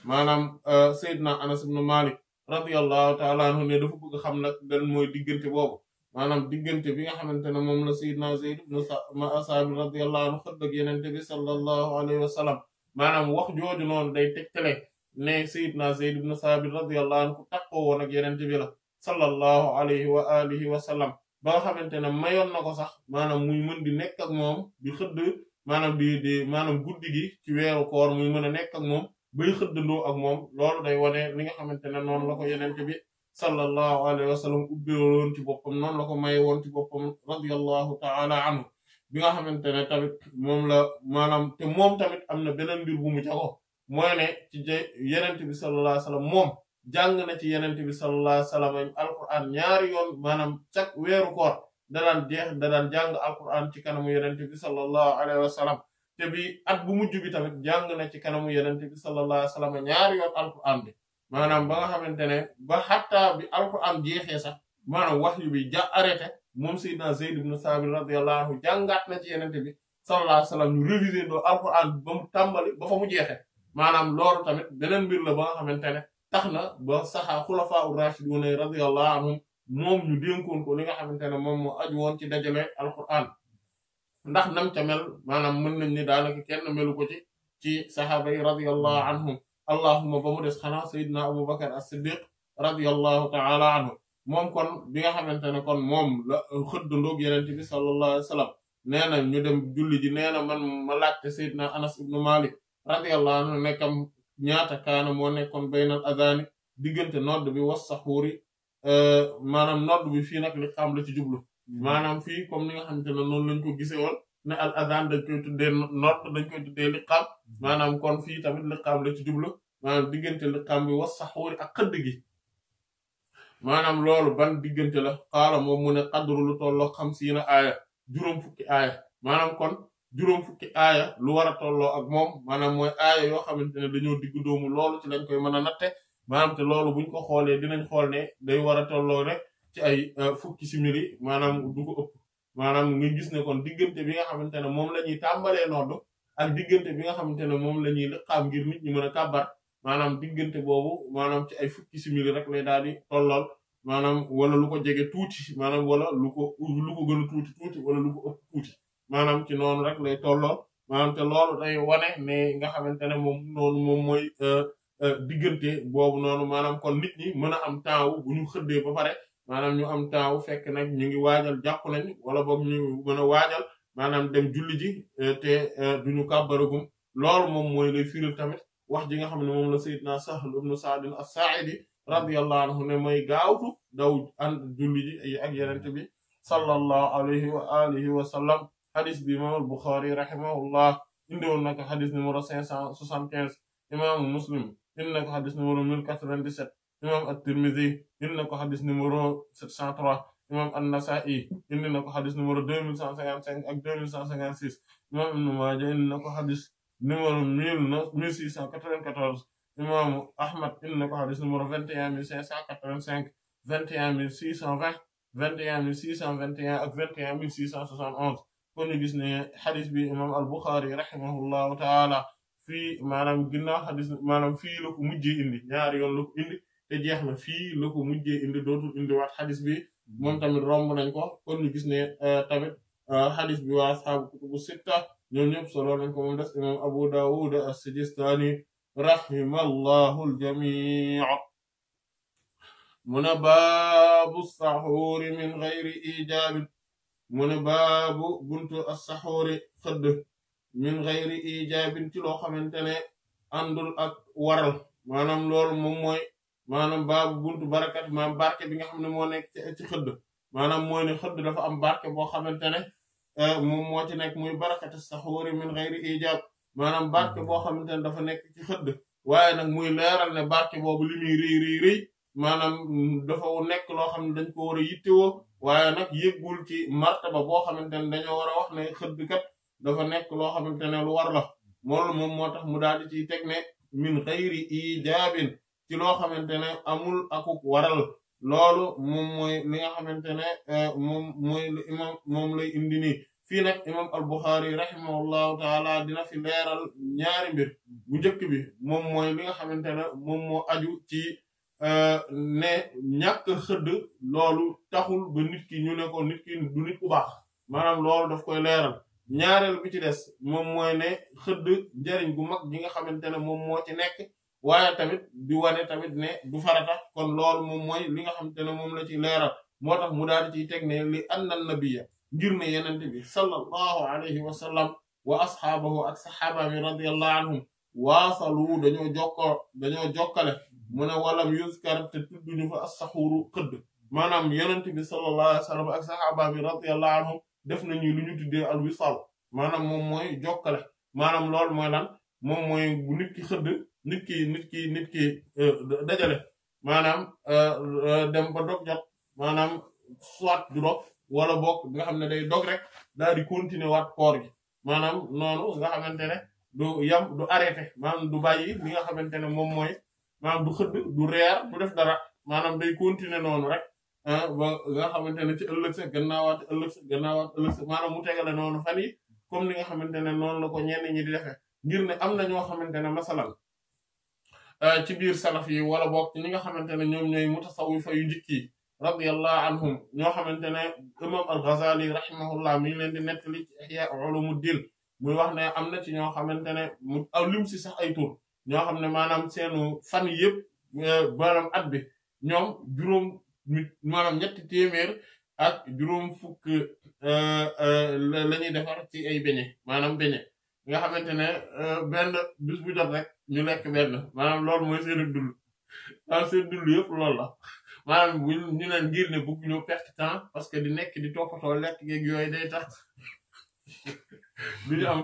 Speaker 2: maanaam euh, sayyidna anas ibn malik radiyallahu ta'ala anhu ne dafa bëgg xam nag dan mooy diggante boobu maanaam diggante bi nga xamante ne moom la sayyidna Zayd ibn Sabit radiyallahu anhu xëdd ak yenente bi sallallahu alayhi wa sallam maanaam wax jooju noonu day tegtale ne sayyidna Zayd ibn Sabit radiyallahu anhu ku takkoo woon ak yenente bi la sallallahu alayhi wa alihi wa sallam ba nga xamante ne mayoon na ko sax maanaam muy mën di nekk ak moom di xëdd maanaam di di maanaam guddi gi ci weeru koor muy mën a nekk ak moom bay xëddandoo ak moom loolu day wane li nga xamante ne noonu la ko bi sallallahu alaihi wasallam. ubbi won ci non, non la ko may won ci bopam radiyallahu ta'ala anhu bi nga xamantene tamit mom la manam te mom tamit amna benen bir mbir bu mu jago moy ne ci sallallahu alaihi wasallam. mom moom na ci yenent bi sallallahu alaihi wasallam. alquran ñaar yoon maanaam chaque weeru koor dadaan jeex dadaan jang alquran ci kanamu yenent bi sallallahu alaihi wasallam. te bi at bu mujju bi tamit jang na ci kanamu yenent bi sallallahu alaihi wasallam. ñaar yoon alquran maanaam ba nga xamante ne ba xattaa bi alquran jeexee sax maanaam wax yu bi ja arrêté moom sayyidna Zayd ibn Sabit radiyallahu anhu jàngaat na ci yenente bi sallallahu alayhi wasallam ñu révisé doo alquran ba mu tàmbali ba fa mu jeexee maanaam loolu tamit beneen mbir la ba nga xamante ne tax na ba saxaa xulafaa ur rashidun radiyallahu anhum moom ñu dénkoon ko li nga xamante ne moom moo aju woon ci dajale alquran ndax nam ca mel maanaam mën nañ ni daanaka kenn melu ko ci ci saxaaba yi allahuma ba mu des xanaa sayyidina abu bakar as-siddiq radiyallahu ta'ala anhu moom kon bi nga xamante ne kon moom la xëddandoog yenente bi sallallahu alayhi nee na ñu dem julli ji nee na man ma laajte sayyidina anas ibnu malik radiyallahu anhu nekkam ñaata kaana moo nekkoon baynal adhaani diggante nodd bi was saxuuri euh, maanaam nodd bi fii nag li xam la ci jublu hmm. maanaam fii comme ni nga xamante ne noonu lañ ko gise ne al adaan dañ koy tuddee nodd dañ koy tuddee liqaam maanaam kon fii tamit liqaam la ci jublu maanaam diggante liqaam bi was saxuuri ak xëdd gi maanaam loolu ban diggante la xaala moom mu ne qadru lu tolloo xamsiina aaya juróom fukki aaya maanaam kon juróom fukki aaya lu war a tolloo ak moom maanaam mooy aaya yoo xamante ne dañoo diggu doomu loolu ci lañ koy mën a natte maanaam te loolu buñ ko xoolee dinañ xool ne day war a tolloo rek ci ay euh, fukki simili maanaam du ko maanaam nga gis ne kon diggante bi nga xamante ne moom la ñuy tàmbalee noddu ak diggante bi nga xamante ne moom la ñuy lëqaam ngir nit ñi mën a kàbbar maanaam diggante boobu maanaam ci ay fukki rek lay daal di tollool maanaam wala lu ko jege tuuti maanaam wala lu ko lu ko tuuti tuuti wala ko ëpp tuuti maanaam ci noonu rek lay tollool maanaam te loolu day nga xamante ne moom noonu moom mooy euh, euh, diggante boobu noonu maanaam kon nit ñi mën a am temps wu bu ñu xëddee ba pare maanaam ñu am taaw fekk nag ñu ngi waajal jàpp nañ wala boobu ñu mën a waajal maanaam dem julli ji euh, te euh, duñu kàbbaragum loolu moom mooy lay firil tamit wax ji nga xam ne moom la sayyidna Sahl ibn Sa'd as-Sa'idi radiyallahu anhu ne mooy gaawtu daw an julli ji ak yenente bi sallallahu alayhi wa alihi wa sallam xadis bi imam al-Bukhari rahimahullah indiwoon na ko xadis numéro cinq cent soixante-quinze imaamu Muslim indi na ko xadis numéro mille quatre-vingt-dix-sept إمام الترمذي إن لكو حديث نمرو 603 إمام النسائي إن لكو حديث نمرو 2155 أك 2156 إمام ابن ماجه إن لكو حديث نمرو 1694 إمام أحمد إن لكو حديث نمرو 21625 21620 21621 أك 21671 كوني جيس ني حديث بي إمام البخاري رحمه الله تعالى في مانام غينا حديث مانام في لوكو مجي إندي ñaar يون لوكو إندي te jeex na fii la ko mujjee indi dootul indiwaat bi mom tamit romb nañ ko kon ñu gis né euh, tamit hadith euh, bi wa sahabu kutubu sita ñoom ñep solo nañ ko mom dess imam abu dawud as-sijistani rahimallahu al-jamii mu as-sahur min ghairi ijab mu buntu as Sahur xëdd min ghairi ijab ci lo xamantene andul ak waral manam loolu mom moy maanaam baabu buntu barakat maanaam barke bi nga xam ne moo nekk ci xëdd maanaam mooy ne xëdd dafa am barke boo xamante ne euh, moom moo ci nekk muy barakatu saxuuri min xayri ijaab maanaam barke boo xamante ne dafa nekk ci xëdd waaye nag muy leeral ne barke boobu li muy maanaam dafa nekk loo xam ne dañ ko war a yittewoo waaye nag yëggul ci martaba boo xamante ne dañoo war a wax ne xëdd kat dafa nekk loo xam ne lu war la moolu moom moo tax mu daal di ciy teg ne min xayri ijaabin ci loo xamante ne amul akuk waral loolu moom mooy li nga xamante ne eh, moom mooy imam moom lay indi nii fii nag imam al-Bukhârî rahimahullahu taala dina fi leeral ñaari mbir bu njëkk bi moom mooy li nga xamante ne moom moo aju ci eh, ne ñàkk xëdd loolu taxul ba nit ki ñu ne ko nit ki du nit ku baax maanaam loolu daf koy leeral ñaareel bi ci des moom mooy ne xëdd njariñ gu mag gi nga xamante ne moom moo ci nekk waye tamit di wone tamit ne du farata kon lool mom moy li nga xamantene mom la ci leral motax mu daal ci tek ne li anna nabiyya ngir ne yenente bi sallallahu alayhi wa sallam wa ashabahu ak sahaba bi radiyallahu anhum wasalu dañu jokkoo dañu jokkale mu ne walam yuskar te tuddu tudduñu fa as assaxuuru xëdd maanaam yenente bi sallallahu alayhi wa sallam ak sahaba bi radiyallahu anhum def nañu lu ñu tudde al wisal manam mom moy jokkale manam lool moy lan mom moy bu nit ki xëdd nit ki nit ki nit ki eh, dajale manam eh, eh, dem ba dog jot manam soit du dog wala bok nga xamne day dog rek dal di continuer wat koor gi manam nonu nga xamantene du yam du arrêter manam du bayyi mi nga xamantene mom moy manam du xëdd du rër du def dara manam day continuer nonu rek ba nga xamantene ci ëlëk sa gannaawat ëlëk sa gannaawat ëlëk manam mu tégalé nonu fan comme ni nga xamantene nonu la ko ñenn ñi di defé ngir ne am na ñoo xamante Euh, ci biir salaf yi wala bokk ci nga xamante ne ñoom ñooy mutasawifa yu njëkk yi radiyallahu anhum ñoo xamante ne imam al-Ghazali rahimahullah mi leen di nettali ci Ihya Ulumuddin muy wax ne am na ci ñoo xamante ne mu aw lim sax ay tur ñoo xam ne maanaam seenu fan yëpp euh, maanaam at bi ñoom juróom maanaam ñetti téeméer ak juróom fukk euh, la ñuy defar ci ay beñe maanaam beñe nga xamante ne euh, benn bis bu jot rek ñu lekk benn maanaam loolu mooy seen dund maanaam seen dund yëpp loolu la maanaam ñu naan ngir ne bëgg ñu perte temps parce que di nekk di toppatoo lekk geeg yooyu day tax du ñu am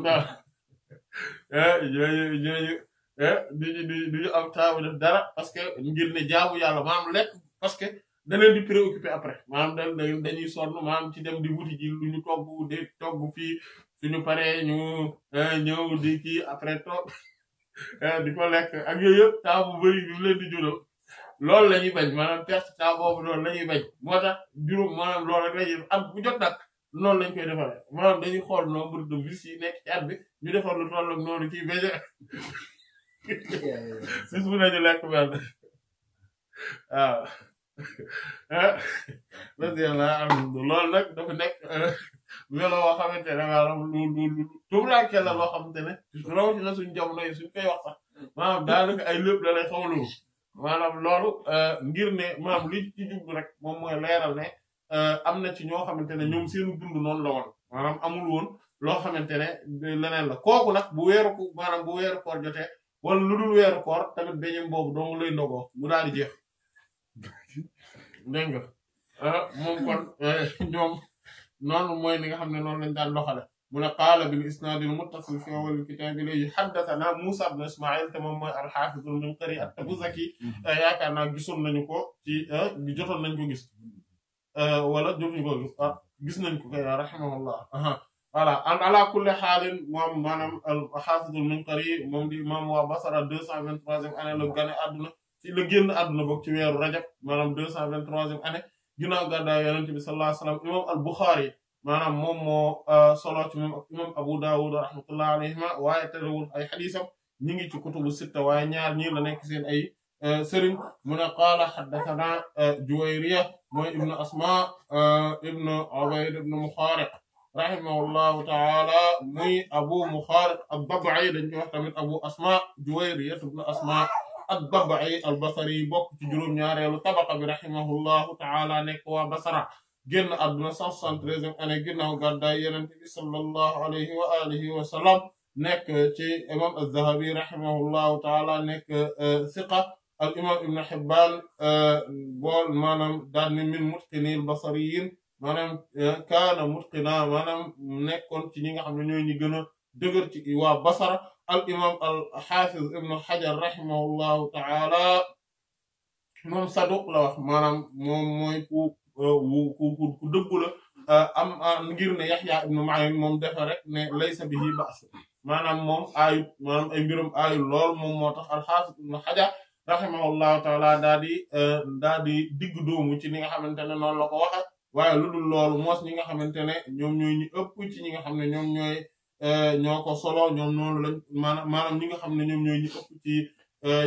Speaker 2: temps dara parce que ngir ne jaamu yàlla maanaam lekk parce que da di préoccupé après maanaam da dañuy sonn maanaam ci dem di wuti ji lu ñu togg de togg fii suñu paree ñu eh, ñëw di kii après toog eh, di ko lekk ak yooyu yëpp bu bari bi mu leen di jural loolu la ñuy bañ maanaam perte temps boobu noonu la ñuy bañ moo tax juróom maanaam loolu rek la bu jot nag noonu lañ koy defaree maanaam dañuy xool nombre de vis yi nekk lekk benn waaw eh, loolu nag dafa nekk melo loo xamante ne maanaam lu la loo xamante ne rawatina suñu jamono yi suñ koy wax sax maanaam daanaka ay lépp da lay xawlu maanaam loolu euh, ngir ne maanaam li ci jublu rek moom mooy leeral ne euh, am na ci ñoo xamante ne ñoom seenu dund noonu la woon maanaam amul woon loo xamante ne leneen la kooku nag bu weeru ko maanaam bu weeru koor jotee wala lu dul weeru koor tamit beñam dong lay ndogoo mu naan di jeex dégg euh, moom kon ñoom نون موي ليغا خا نون لا ندان لوخاله من قال بالاسناد المتصل في اول الكتاب لي حدثنا موسى بن اسماعيل تمام الحافظ من قريه ابو زكي ياكانا غيسون نانيكو تي دي جوتون نانكو غيس ا ولا جوتون نانكو غيس ا غيس نانكو رحمه الله wala ah, and ala kulli halin mom manam al hafid al munqari mom di imam wa basra 223e ane lo gane aduna ci le genn aduna bok ci weru rajab manam 223e ane ginaaw gadda yaronte bi sallallahu alayhi wasallam imam al bukhari manam mom mo solo ci mom imam abu dawud rahmatullahi ma way terewul ay haditham ñi ngi ci kutubu sita way ñaar ñi la nek seen ay sëriñ muna qala hadathana juwayriya moy ibnu asma ibnu ubayd ibnu muxaariq rahimahullahu taala muy abu muxaariq ad-dab'i dañ wax tamit abu asma juwayriya ibnu asma الضبعي البصري بوك تجروم ناري لطبق برحمه الله تعالى نكوى بصرة جن أدنى سنسان تريزم أنا جن وقردى يرنتي صلى الله عليه وآله وسلم نك تي إمام الذهبي رحمه الله تعالى نك آه، ثقة الإمام ابن حبان آه، قول ما نم دارني من متقني البصريين ما نم آه، كان متقنا ما نم نك كنت نيجا منو نيجنا دغرتي وابصرة al imam al xaafiz ibnu xajar rahimahullahu taala moom saduq la wax maanaam moom mooy ku ku ku la am ngir ne yaxya ibnu ma'in moom defe rek ne laysa bihi ba's maanaam moom aayu maanaam ay mbirum aayu lool moom moo tax alxaafis ibnu xajar rahimahullahu taala daa di daa di digg doomu ci ni nga xamante ne noonu la ko waxe waaye lu dul loolu moos ñi nga xamante ne ñoom ñooy ñu ëpp ci ñi nga xam ne ñoom ñooy ñoo ko solo ñoom noonu lañ maanaam maanaam ñi nga xam ne ñoom ñooy ñi ëpp ci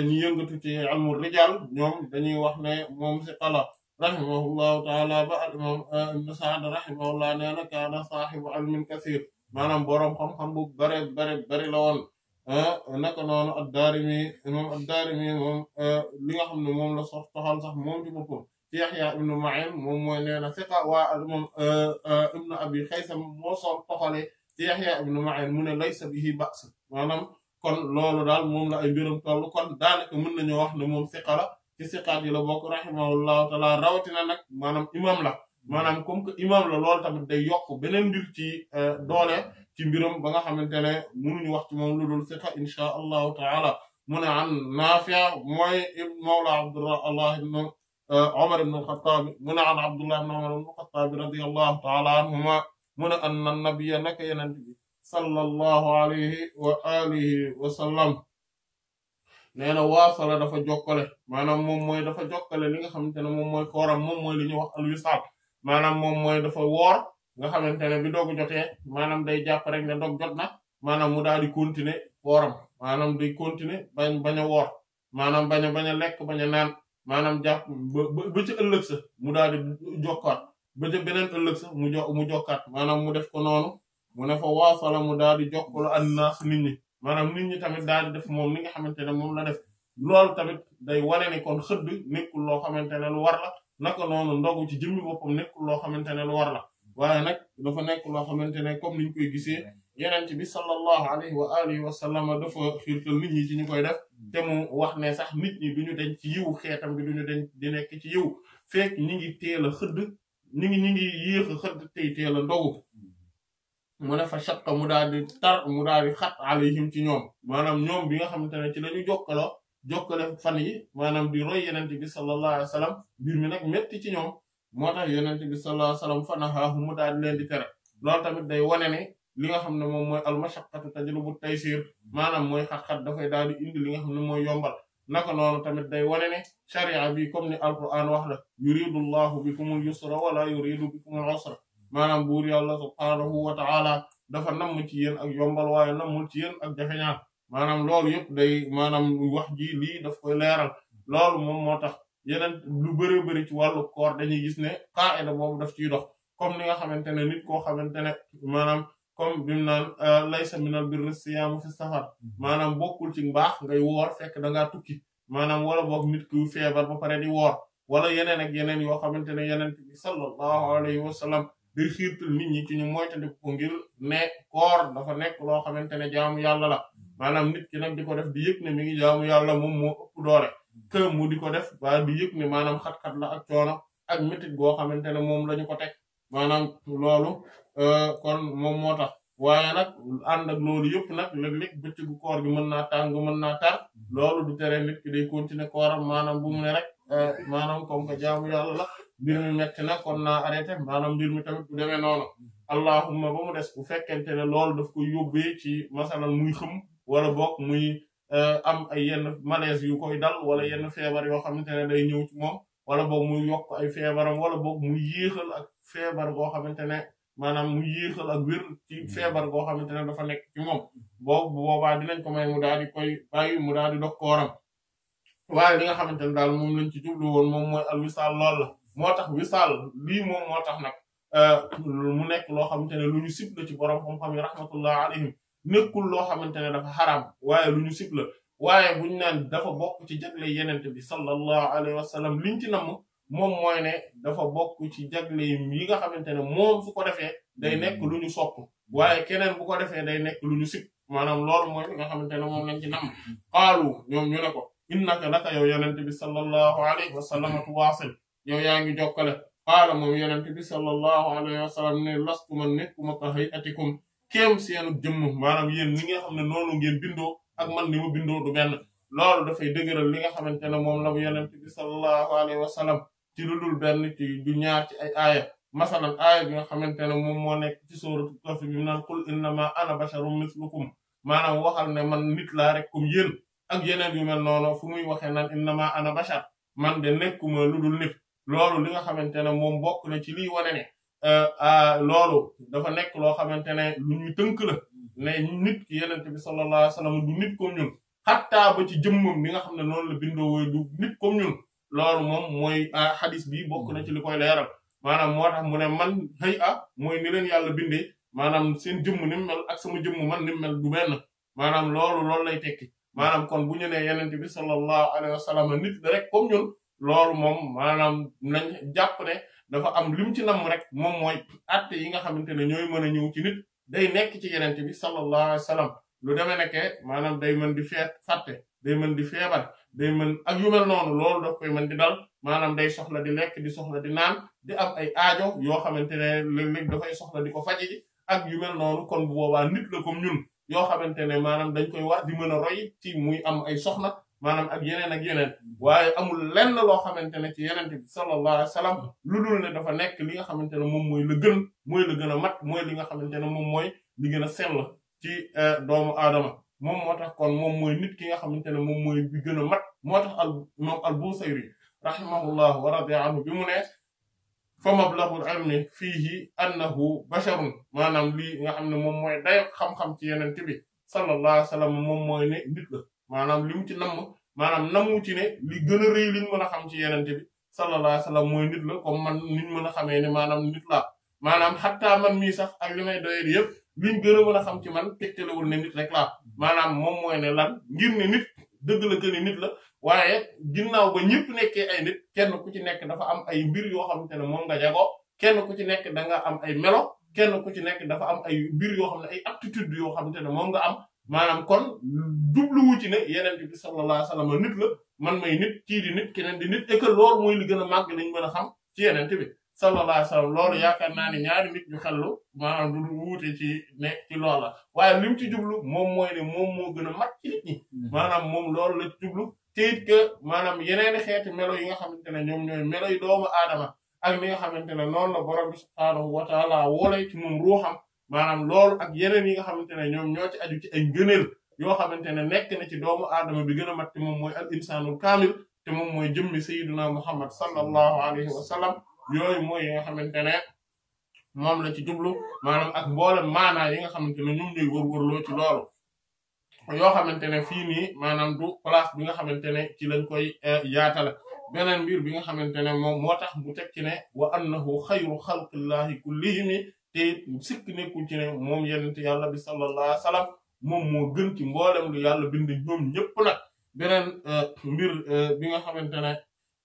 Speaker 2: ñi yëngatu ci almul rijal ñoom dañuy wax ne moom si qala rahimahullahu taala ba al imam ibn Sa'd rahimahullah nee na kaana saaxibu almin kasir maanaam boroom xam-xam bu bare bare bari la woon naka noonu ad-Daarimi imam ad-Daarimi moom li nga xam ne moom la sox toxal sax moom ci boppam ci Yaxya ibn Ma'in moom mooy nee na siqa waa al imam ibn abi Xaysam moo sox toxale Yahya ibn Ma'in mu ne laysa bihi ba's maanaam kon loolu daal moom la ay mbirum toll kon daanaka mën nañoo wax ne moom siqa la ci siqaat yi la bokk rahimahullahu taala rawatina nag maanaam imam la maanaam comme que imam la loolu tamit day yokk beneen mbir ci doole ci mbirum ba nga xamante ne mënuñu wax ci moom lu dul siqa insha allahu taala mu ne an Naafi' mooy mawla Abdullah ibn Umar ibn al-Khattab mu ne an Abdullah ibn Umar ibn al-Khattab radiyallahu taala anhuma mu ne anna nabiyya naka yenent bi sallallahu alayhi wa alihi wa sallam nee na waasala dafa jokkale maanaam moom mooy dafa jokkale li nga xamante ne moom mooy kooram moom mooy li ñuy wax alwisaal maanaam moom mooy dafa woor nga xamante ne bi doog jotee maanaam day jàpp rek ne doog jot na maanaam mu daal di continuer kooram maanaam di continuer bañ bañ a woor maanaam bañ a bañ a lekk bañ a naan maanaam jàpp ba ëllëg sa mu daal di jokkaat ba ca beneen ëllëg sax mu jox mu mu def ko noonu mu ne fa waasala mu daal di jokkoo ak naas nit ñi maanaam nit ñi tamit daal di def moom li nga xamante ne moom la def loolu tamit day wane ni xëdd nekkul loo xamante ne lu war la naka noonu ndogu ci jëmmi boppam nekkul loo xamante ne lu war la waaye nag dafa nekk loo xamante ne comme niñ koy gisee yeneen ci bi sallallahu alayhi wa alihi wa sallam dafa xiirtal nit ñi ci ñu koy def te mu wax ne sax nit ñi ñu den ci yiw xeetam bi ñu den di nekk ci yiw fekk ñi ngi teel a xëdd ni ngi ñi ngi yéex a xëdd tey teel a ndogu mu ne fa mu daal tar mu daal xat alayhim ci ñoom maanaam ñoom bi nga xamante ne ci la ñu jokkaloo jokkale fan yi maanaam di roy yenente bi sallallahu alayhi wa sallam mbir mi nag métti ci ñoom moo tax yenente bi sallallahu alayhi wa sallam fanahaahu mu daal leen di tere loolu tamit day wane ne li nga xam ne moom mooy al mashaqqatu tajlibu taysir maanaam mooy xat-xat dafay daal di indi li nga xam ne mooy yombal naka loolu tamit day wane ne sharia bi comme ni alquran wax la yuridu llahu bikumul yusra wala yuridu bikumul u maanaam buur yàlla subhaanahu wa ta'ala dafa namm ci yéen ak yombal waaye nammul ci yéen ak jafeñaan maanaam loolu yëpp day maanaam wax ji lii daf koy leeral loolu moom moo tax yeneen lu bëri bëri ci wàllu koor dañuy gis ne qaida boobu daf ciy dox comme ni nga xamante ne nit koo xamante ne maanaam comme bi naan euh, laysa minal birri siyaamu fi safar mhm. maanaam bokkul ci mbaax ngay woor fekk da ngaa tukki maanaam wala boog nit ku feebar ba pare di woor wala yeneen ak yeneen yoo xamante ne yeneen bi sallallahu alayhi wa sallam di xiirtal nit ñi ci ñu moytandiku ko ngir ne koor dafa nekk loo xamante ne jaamu yàlla la mhm. maanaam nit ki nag di ko def di yëg ne mi ngi jaamu yàlla moom moo ëpp doole que mu di ko def ba di yëg ne maanaam xat-xat la ak coono ak métit goo xamante ne moom la ko teg maanaam loolu Euh, kon moom moo tax waaye nag ànd ak loolu yëpp nag léeg-léeg bëccëgu koor gi mën naa tàng mën na tar loolu du tere nit ki day continuer kooram maanaam bu mu ne rek euh, maanaam comme que jaamu yàlla la mbir mi metti na kon naa arrêté maanaam mbir mi tamit bu demee noonu allahumma ba mu des bu fekkente ne loolu daf ko yóbbee ci masalan muy xëm wala bokk muy euh, am ay yenn malaise yu koy dal wala yenn feebar yoo xamante ne day ñëw ci wala boog muy yokk ay feebaram wala boog muy yéexal ak feebar boo xamante ne maanaam mu yéexal ak wér ci mm-hmm. feebar boo xamante ne dafa nekk ci moom boobu boobaa dinañ ko may mu daal di koy bàyyi mu daal di waaye li nga xamante ne daal moom lañ ci jublu moom mooy al wisaal moo tax wisaal lii moom moo tax nag euh, mu nekk loo xamante ne lu ñu sib ci borom xam-xam yi alayhim nekkul loo xamante ne dafa xaraam waaye lu ñu sib waaye buñu naan dafa bokk ci jagle yenente bi sallallahu alayhi wa sallam liñ ci namm moom mooy ne dafa bokk ci jagle yi nga xamante ne moom su ko defee day nekk lu ñu sopp waaye keneen bu ko defee day nekk lu ñu sib maanaam loolu mooy li xamante ne moom lañ ci nam xaalu ñoom ñu ne ko innaka naka yow yenente bi sallallahu alayhi wa sallam tuwaasil yow yaa ngi jokkale xaala moom yenente bi wa sallam ne lastuma nekkuma ka hayatikum kéem seenu jëmm maanaam yéen li nga ngeen bindoo ak man ni mu bindoo du benn loolu dafay dëgëral li nga xamante ne moom la bu yenente bi sallallahu alayhi wa sallam ci lu dul benn ci du ñaar ci ay aaya masalan aaya bi nga xamante ne moom moo nekk ci sóoratu Kahf bi mu naan qul innama ana basharun mislukum maanaam waxal ne man nit laa rek comme yéen ak yeneen yu mel noonu fu muy waxee naan innama ana bashar man de nekkuma lu dul nit loolu li nga xamante ne moom bokk na ci li wane ne euh, euh, loolu dafa nekk loo xamante ne lu ñuy tënk la ne nit ki yenente bi sallallahu alayhi wasallam du nit comme ñun xattaa ba ci jëmmam bi nga xam ne noonu la bindoo woy du loolu moom mooy ah, xadis bi bokk na ci li koy leeral maanaam moo tax mu ne man xëy a mooy ni leen yàlla bindee maanaam seen jëmm ni mel ak sama jëmm man ni mel du benn maanaam loolu loolu lay tekki maanaam kon bu ñu yeneen yenente bi sallallahu alayhi wa sallam nit da rek loolu moom maanaam nañ jàpp dafa am lim ci nam rek moom mooy yi nga xamante ne ñooy mën a ñëw ci day nekk ci yenente bi sallallahu alayhi wa lu demee nekke maanaam day mën di feet fàtte day mën di feebar day mën ak yu mel noonu loolu daf koy mën di dal maanaam day soxla di lekk di soxla di naan di am ay aajo yoo xamante ne léeg-léeg dafay soxla di ko faji ak yu mel noonu kon bu boobaa nit la comme ñun yoo xamante ne maanaam dañ koy wax di mën a roy ci muy am ay soxna maanaam ak yeneen ak yeneen waaye amul lenn loo xamante ne ci yenente bi sallallahu alayhi wasallam lu dul ne dafa nekk li nga xamante ne moom mooy la gën mooy la gën a mat mooy li nga xamante ne moom mooy li gën a sell ci eh, doomu aadama moom moo tax kon moom mooy nit ki nga xamante ne moom mooy bi gën a mat moo tax al moom al-Busayri rahimahullah wa radiya anhu bi mu ne fa mablagul ilmi fiihi annahu basharun maanaam lii nga xam ne moom mooy dayo xam-xam ci yeneen bi sallallahu alayhi wa sallam moom mooy ne nit la maanaam li mu ci namm maanaam namu ci ne li gën a rëy liñ mën a xam ci yenen bi sallallahu alayhi wa sallam mooy nit la comme man niñ mën a ne maanaam nit la maanaam xattaa man mii sax ak li may doyee yëpp liñ gën a xam ci man tegtalewul ne nit rek laa maanaam moom mooy ne lan ngir ne nit dëgg la gën nit la waaye ginnaaw ba ñëpp nekkee ay nit kenn ku ci nekk dafa am ay mbir yoo xamante ne moom nga jagoo kenn ku ci nekk da am ay melo kenn ku ci nekk dafa am ay mbir yoo xam ne ay aptitude yoo xamante ne moom nga am maanaam kon jubluwu ci ne yeneen bi sallallahu alayhi wasallam nit la man may nit kii di nit keneen di nit et que loolu mooy li gën a màgg lañ mën a xam ci yeneen bi sallallahu alayhi wa sallam loolu yaakaar naa ne ñaari nit ñu xellu maanaam du wuute ci loola waaye li mu ci jublu moom mooy moom moo gën a mat ci nit ñi mm-hmm. maanaam moom loolu la ci jublu te it que maanaam yeneeni xeeti melo yi nga xamante ne ñoom ñooy melo yi doomu aadama ak li nga xamante ne noonu la borom bi subhaanahu wa taala woolee moom ruuxam maanaam lool ak yeneen yi nga xamante ne ñoom ñoo ci aju ci ay ngëneel yoo xamante ne nekk na ci doomu aadama bi gën a mat te moom mooy al insaanul kaamil te moom mooy jëmmi sayyiduna muhammad sallallahu alayhi wa sallam yooyu mooy yi nga xamante ne moom la ci jublu maanaam ak mboolem maanaa yi nga xamante ne ñoom ñooy wër-wërloo ci loolu yoo xamante ne fii nii maanaam du place bi nga xamante ne ci lañ koy eh, yaatale beneen mbir bi nga xamante ne moom moo tax mu teg ci ne wa annahu xayru xalqillahi kullihim te sikk nekkul ci ne moom yenente yàlla bi sallallahu alayhi moom moo gën ci mboolem lu yàlla bind ñoom ñëpp nag beneen eh, mbir eh, bi nga xamante ne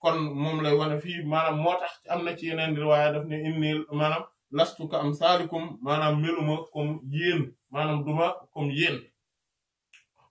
Speaker 2: kon moom lay wane fii maanaam moo tax am na ci yeneen riwaaya daf ne inni maanaam lastu ka am saalikum maanaam meluma comme yéen maanaam duma comme yéen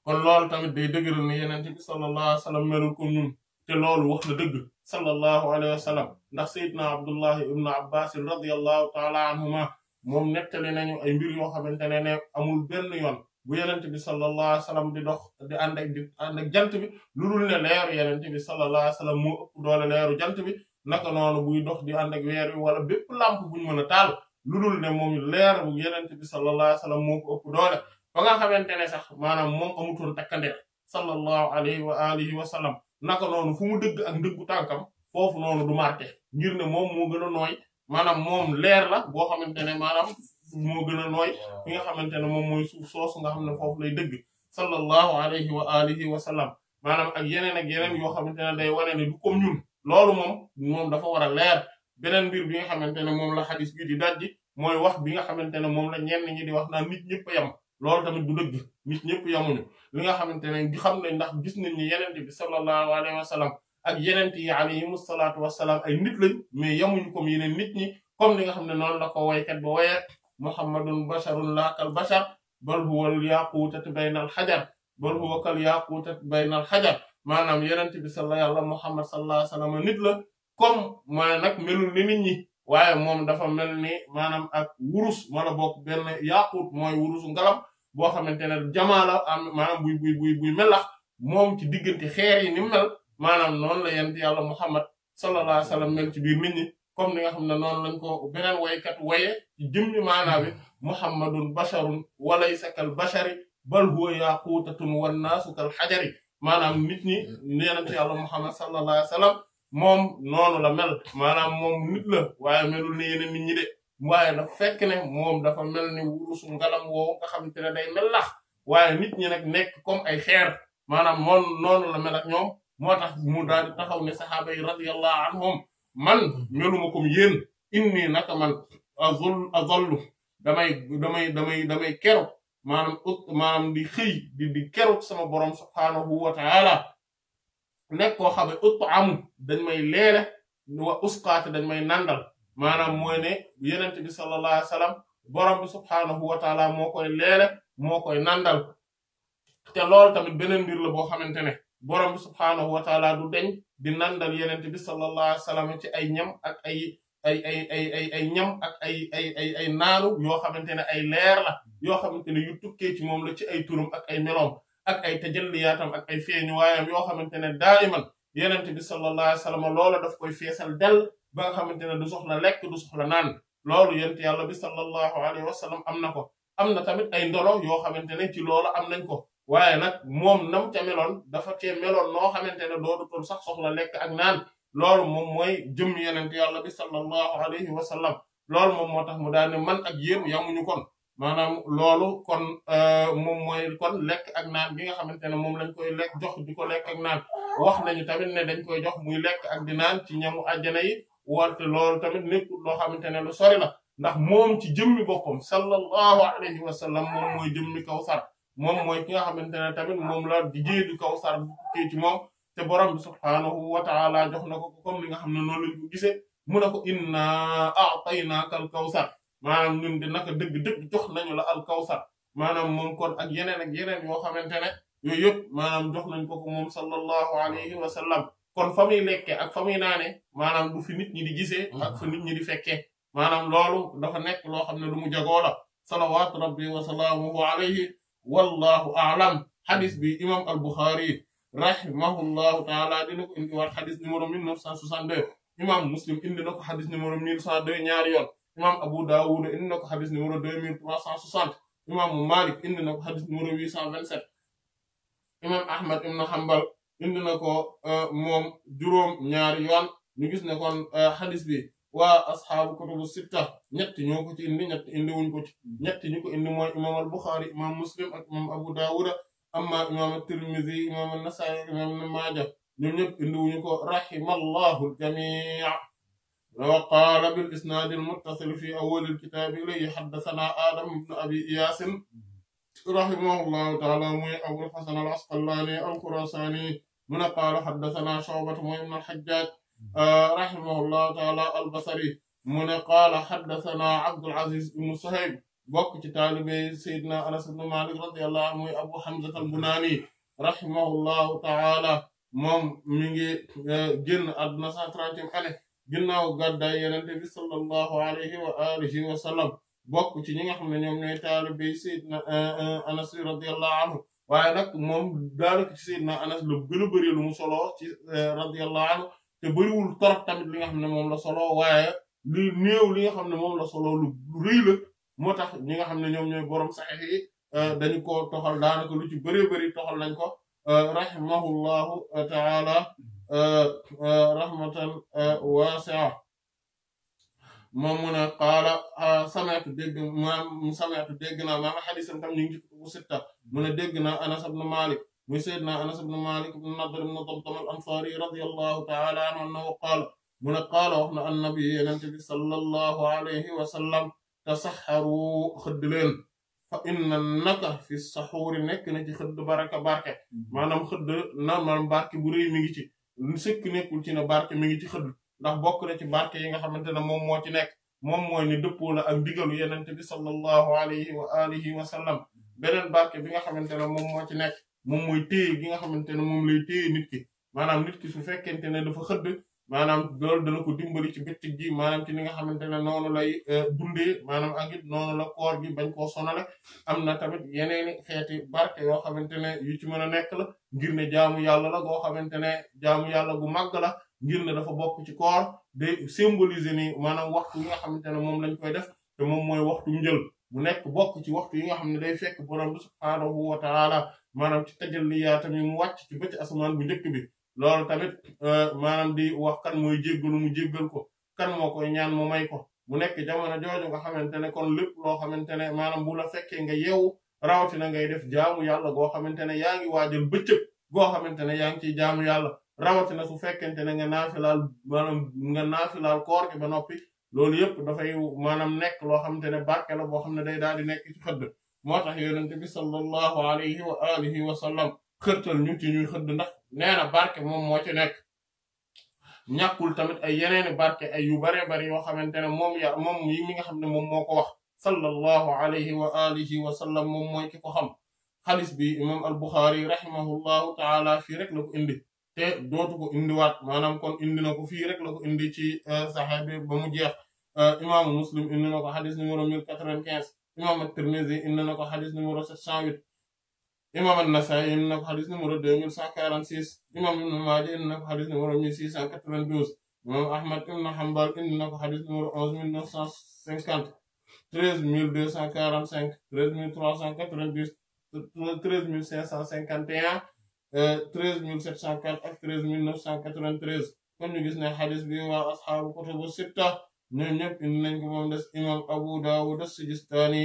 Speaker 2: kon loolu tamit day ne yenente bi sallallahu alayhi wa sallam melul comme te loolu wax na dëgg sallallahu alayhi wa sallam ndax sayyidna abdullahi ibnu abbas radiyallahu taala anhuma moom nettali nañu ay mbir yoo xamante ne ne amul benn yoon bu yenent bi sallallahu alayhi wasallam di dox di ànd ak di jant bi lu dul ne leeru yenent bi sallallahu alayhi wasallam moo ëpp doole leeru jant bi naka noonu buy dox di ànd ak weer bi wala bépp lampe bu ñu mën a taal lu dul ne moom leer bu yenent bi sallallahu alayhi wasallam moo ko ëpp doole ba nga xamante ne sax maanaam moom amutoon takkandeer sallallahu alayhi wa alihi wasallam naka noonu fu mu dëgg ak ndëggu tànkam foofu noonu du marqué ngir ne moom moo gën a nooy maanaam moom leer la boo xamante maanaam moo gën a nooy fi nga xamante ne moom mooy suuf soosu nga xam ne foofu lay dëgg sallallahu alayhi wa alihi wa sallam maanaam ak yeneen ak yeneen yoo xamante ne day wane ne du comme ñun loolu moom moom dafa war bi nga xamante ne moom la bi di dajji wax bi nga xamante ne moom la ñenn ñi di wax naan nit ñëpp a yem loolu tamit du dëgg nit ñëpp yemuñu li nga xamante ne xam nañ ndax gis nañ ni yenente bi sallallahu alayhi wa sallam ak yenente yi alayhimu salaatu wassalaam ay nit lañ mais yemuñu comme yeneen nit ñi comme li nga xam ne noonu la ko ba woyee muhammadun basharun laa kal bashar bal huwa al yaqutatu baynal hajar bal huwa kal yaqutatu baynal hajar maanaam yenente bi sala yàlla muhammad sallallahu alayhi wasallam nit la comme maa nag melul ni nit waaye moom dafa mel ni maanaam ak wurus wala bokk benn yaqut mooy wurusu ngalam boo xamante ne jamaa la am maanaam buy buy buy buy moom ci diggante xeer yi mel maanaam noonu la yent yàlla muhammad sallallahu alayhi mel ci biir nit kom ni nga xam ne noonu lañ ko beneen waykat waye ci jëmmi maanaa bi muhammadun basharun walaysa kal bashari bal huwa yaqutatun wan naasu kal xajari maanaam nit ñi neenante yàlla muhammad sallallahu wa sallam moom noonu la mel maanaam moom nit la waaye melul ne yeneen nit ñi de waaye dafa fekk ne moom dafa mel ni wurusu ngalam woowu nga xamante ne day mel lax waaye nit ñi nag nekk comme ay xeer maanaam moom noonu la mel ak ñoom moo tax mu daal taxaw ne saxaaba yi man meluma comme yéen inni naka man azul azallu damay damay damay damay keroog maanaam di xëy di di keroog sama borom subhaanahu wa taala nekk koo xam ne ut amu dañ may leele wa usqaate dañ may nandal maanaam mooy ne yenent bi sallallahu alayhi wasallam borom bi subhaanahu wa taala moo koy leele moo koy nandal te loolu tamit beneen mbir boo xamante ne borom bi subhaanahu wa taala du deñ di nandal yenente bi sallallahu alayhi wa sallam ci ay ñam ak ay ay ay ay ñam ak ay ay ay ay naanu yoo xamante ne ay leer la yoo xamante ne yu tukkee ci moom la ci ay turum ak ay meloom ak ay tajalliyaatam ak ay feeñu waayam yoo xamante ne daayiman yenente bi sallallahu alayhi wa sallam loola daf koy feesal dell ba nga xamante ne du soxla lekk du soxla naan loolu yent yàlla bi sallallahu alayhi wa sallam am na ko am na tamit ay ndolo yoo xamante ne ci loola am nañ ko waaye nag moom nam ca meloon dafa cee meloon noo xamante ne doodutul sax soxla lekk ak naan loolu moom mooy jëm yeneen yàlla bi sallallahu alayhi wa loolu daal ne man ak yéen yamuñu kon maanaam loolu kon euh, moom mooy kon lekk ak naan bi nga xamante ne moom lañ koy lekk jox di ko lekk ak naan wax nañu tamit ne dañ koy jox muy lekk ak di naan ci ñamu àjjana yi warte loolu tamit nekkul loo xamante ne lu sori la ndax moom ci jëmmi boppam sallallahu alayhi wa sallam moom mooy jëmmi kaw sar moom mooy ki nga xamante ne tamit moom la di jéedu kaw sar kii ci moom te borom bi subhaanahu wa taala jox na ko comme li nga xam ne noonu lañ ko gisee mu ne ko inna a'taynaaka al maanaam ñun di naka dëgg-dëgg jox nañu la al kawsar maanaam moom kon ak yeneen ak yeneen yoo xamante ne yooyu yëpp maanaam jox nañ ko ko moom sallallahu alayhi wa sallam kon fa muy lekke ak fa muy naane maanaam du fi nit ñi di gise ak fa nit ñi di fekkee maanaam loolu dafa nekk loo xam ne lu mu jagoo la salawaatu rabbi wa alayhi wallahu a'lam xadis bi imam al buxaari rahimahullahu taala dina ko indi waat xadis numéro 1962 imam muslim indi na ko xadis numéro 1102 ñaari yoon imam abu dawud indi na ko xadis numéro 2360 imam malik indi na ko xadis numéro 827 imam ahmad ibn hanbal indi na ko moom juróom ñaari yoon ñu gis ne kon xadis bi واصحاب كتب السته نيت نيوكو تي اندي نيت اندي وونكو تي نيت نيوكو اندي موي امام البخاري امام مسلم اك امام ابو داوود اما امام الترمذي امام النسائي امام ماجه نيو نيب اندي وونكو رحم الله الجميع وقال بالاسناد المتصل في اول الكتاب الي حدثنا ادم بن ابي اياس رحمه الله تعالى موي ابو الحسن العسقلاني الخراساني من قال حدثنا شعبه من الحجاج rahimahullahu taala al-Basri mu ne qaala haddathana Abdul Aziz ibn Suhayb bokk ci taalibe Seydina Anas ibn Malik radiyallahu anhu muy Abu Hamza al-Bunani rahimahullahu taala moom mi ngi euh, génn àdduna cent trentième année ginnaaw gàddaay Yonent bi sallallahu alayhi wa alihi wa sallam bokk ci ñi nga xam ne ñoom ñooy taalibe Seydina euh, Anas radiyallahu anhu waaye nag moom daanaka ci Seydina Anas lu gën a bëri lu mu solo ci euh, radiyallahu anhu te bariwul torop tamit li nga xam ne moom la solo waaye li néew li nga xam ne moom la solo lu rëy la moo tax ñi nga xam ne ñoom ñooy borom saxiix yi euh, dañu ko toxal daanaka lu ci bari bëri toxal nañ ko euh, rahimahullahu taala euh, rahmatan wasi'a moom mu ne qaala sami'tu dégg maam sami'tu dégg naa maama xadiisam tam ñu ngi ci kutubu mu ne dégg naa Anas ibn Malik مسيدنا أنس بن مالك بن نضر بن ضبط الأنصاري رضي الله تعالى عنه أنه قال من قال وحنا النبي صلى الله عليه وسلم تسحروا خدلين فإن النكة في السحور نك نجي خد بركة بركة ما خد نم بركة بري ميجي نسك نك كل شيء بركة ميجي خد ده بكرة تي بركة ينعا خمنتنا مم مو تي نك مم مو ني دبولا أم بيجلو ينتبه صلى الله عليه وآله وسلم بين بركة بينعا خمنتنا مم مو تي نك moom mooy téye gi nga xamante ne moom lay téye nit ki maanaam nit ki su fekkente ne dafa xëdd maanaam loolu dana ko dimbali ci bëccëg gi maanaam ci li nga xamante ne noonu lay euh, dundee maanaam ak it noonu la koor gi bañ koo sonale am na tamit yeneeni xeeti barke yoo xamante ne yu ci mën a nekk la ngir ne jaamu yàlla la goo xamante ne jaamu yàlla gu màgg la ngir ne dafa bokk ci koor day symboliser ni maanaam waxtu yi nga xamante moom lañ koy def te moom mooy waxtu njël mu nekk bokk ci waxtu yi nga xam ne day fekk borom bi subhaanahu maanaam ci tajalliyaatam yi mu wàcc ci bëcc asamaan bu njëkk bi loolu tamit euh, maanaam di wax kan mooy jéggalu mu jéggal ko kan moo koy ñaan mu may ko bu nekk jamono jooju nga xamante ne kon lépp loo xamante ne maanaam bu la fekkee nga yeewu rawatina ngay def jaamu yàlla goo xamante ne yaa ngi waajal bëccëg xamante ne yaa ngi ciy jaamu yàlla rawatina su fekkente ne nga naafilaal maanaam nga naafilaal koor gi ba noppi loolu yëpp dafay maanaam nekk loo xamante ne barke la boo xam ne day daal di nekk ci xëdd moo tax yonent bi sallallahu alayhi wa alihi wa sallam xërtal ñu ci ñuy xëdd ndax nee na barke moom moo ci nekk ñàkkul tamit ay yeneeni barke ay yu bare bare yoo xamante ne moom ya moom yi mi nga xam ne moom moo ko wax sallallahu alayhi wa alihi wa sallam moom mooy ki ko xam xadis bi imam al buxaari rahimahullahu taala fii rek la ko indi te dootu ko indiwaat maanaam kon indi na ko fii rek la ko indi ci saxee bi ba mu jeex imaamu muslim indi na ko xadis numéro 1095 imaam at-Tirmidhi indi na ko xadis numéro 708 imaam an-Nasa'i indi na ko xadis numéro 2146 imaam ibn Maaja indi na ko xadis numéro 1692 imaam Ahmad ibn Hanbal indi na ko xadis numéro 11950 13245 13390 13551 13704 ak 13993 kon ñu gis ne xadis bi waa asxaabu kutubu sitta ñoom ñëpp indi nañ ko moom des imam abu dawud as-sijistani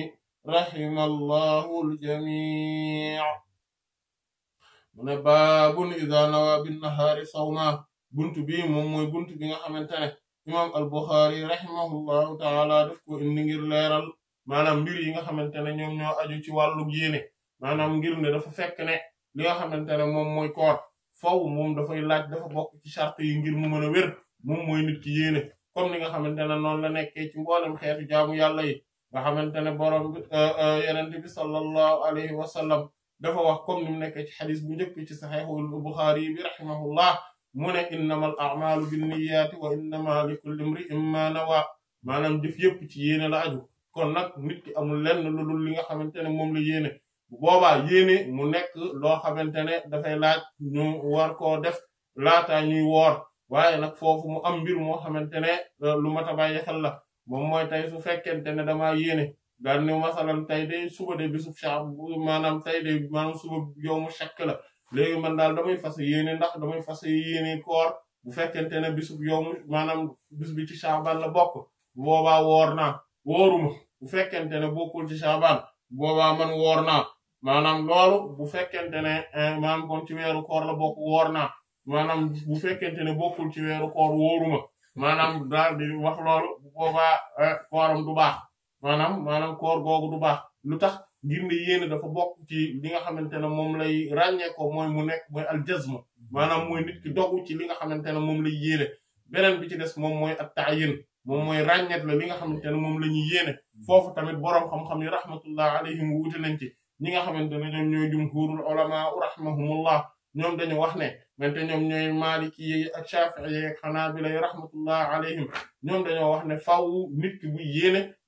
Speaker 2: rahimallahu al-jamii mu ne baabun idaa nawaa bin nahaari sawma buntu bi moom mooy buntu bi nga xamante ne imam al-bukhari rahimahullahu taala daf ko indi ngir leeral maanaam mbir yi nga xamante ne ñoom ñoo aju ci wàllu yéene maanaam ngir ne dafa fekk ne li nga xamante ne moom mooy koor faw moom dafay laaj dafa bokk ci charte yi ngir mu mën a wér moom mooy nit ki yéene comme ni nga xamante ne noonu la nekkee ci mboolem xeetu jaamu yàlla yi nga xamante ne borom euh, euh, yenente bi sallallahu alayhi wa sallam dafa wax comme ni nekk nekkee ci xadis bu njëkk ci saxiixul buxaari bi rahimahullah mu ne innamal a'maalu binniyaati wa innamaa likulli imri'in maa wa maanaam jëf yëpp ci yéene la aju kon nag nit ki amul lenn lu dul li nga xamante ne moom la yéene bu boobaa yéene mu nekk loo xamante ne dafay laaj ñu war koo def laata ñuy woor waaye nag foofu mu am mbir moo xamante ne euh, lu mat a bàyyi xel la moom mooy tey su fekkente ne damaa yéene daal ne masalan tey de suba de bisu shaq maanaam tey de maanaam suba yowmu shakk la léegi man daal damay fas yéene ndax damay fas yéene koor bu fekkente ne bisu yowmu maanaam bis bi ci shaaban la bokk bu boobaa woor naa wooruma bu fekkente ne bokkul ci shaaban bu boobaa man woor naa loolu bu fekkente ne eh, maanaam kon ci weeru koor la bokk woor naa maanaam bu fekkente ne bokkul ci weeru koor wóoruma maanaam daal di wax loolu bu boobaa eh, du baax maanaam maanaam koor googu du baax lu tax ngir ne yéene dafa bokk ci li nga xamante ne moom lay ràññee ko mooy mu nekk mooy aljazma maanaam mooy nit ki dogu ci li nga xamante ne moom lay yéene beneen bi ci des moom mooy at taayin moom mooy ràññet la li nga xamante ne moom la ñuy yéene foofu tamit boroom xam-xam yi rahmatullah alayhim wuute nañ ci ñi nga xamante ne ñoom ñooy jumhurul ulama rahimahumullah ñoom dañu wax ne mante ñoom ñooy maliki yi a shafi'i yi ak hanabila yi rahmatullah alayhim ñoom dañoo wax ne faw nit ki bu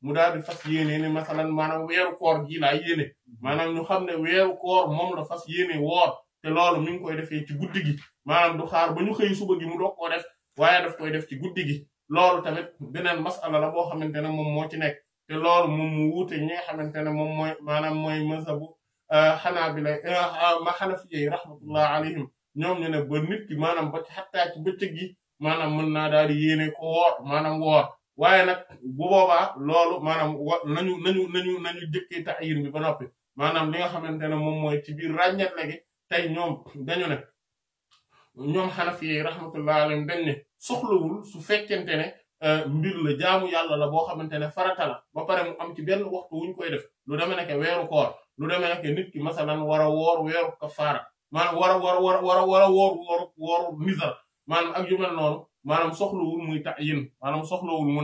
Speaker 2: mu daal di fas yéene ne masalan maanaam weeru koor gii laa yéene maanaam ñu xam ne weeru koor moom la fas yéene woor te loolu mi ngi koy defee ci guddi gi maanaam du xaar ba ñu xëy suba gi mu doog def waaye daf koy def ci guddi gi loolu tamit beneen masala la boo xamante ne moom moo ci nekk te loolu moom mu wuute ñi nga xamante ne moom mooy maanaam mooy mazhabu xanaabila eh, ma xanafiye rahmatullah alayhim ñoom ñu ne ba nit ki maanaam ba ci xattaa ci bëccëg gi maanaam mën naa daal di yéene ko woor maanaam woor waaye nag bu boobaa loolu maanaam wa nañu nañu nañu nañu jëkkee ta'yin bi ba noppi maanaam li nga xamante ne moom mooy ci biir ràññet gi tey ñoom dañu ne ñoom xanafiye rahmatullah alayhim dañ ne soxlawul su fekkente eh, mbir la jaamu yàlla la boo xamante ne farata ba pare mu am ci benn waxtu wuñ koy def lu demé ke nit ki masalan war a woor weeru kafaara maanaam wara wara wara wara wor wor wor misal man ak yu mel manam maanaam wul muy ta'yin maanaam wul mu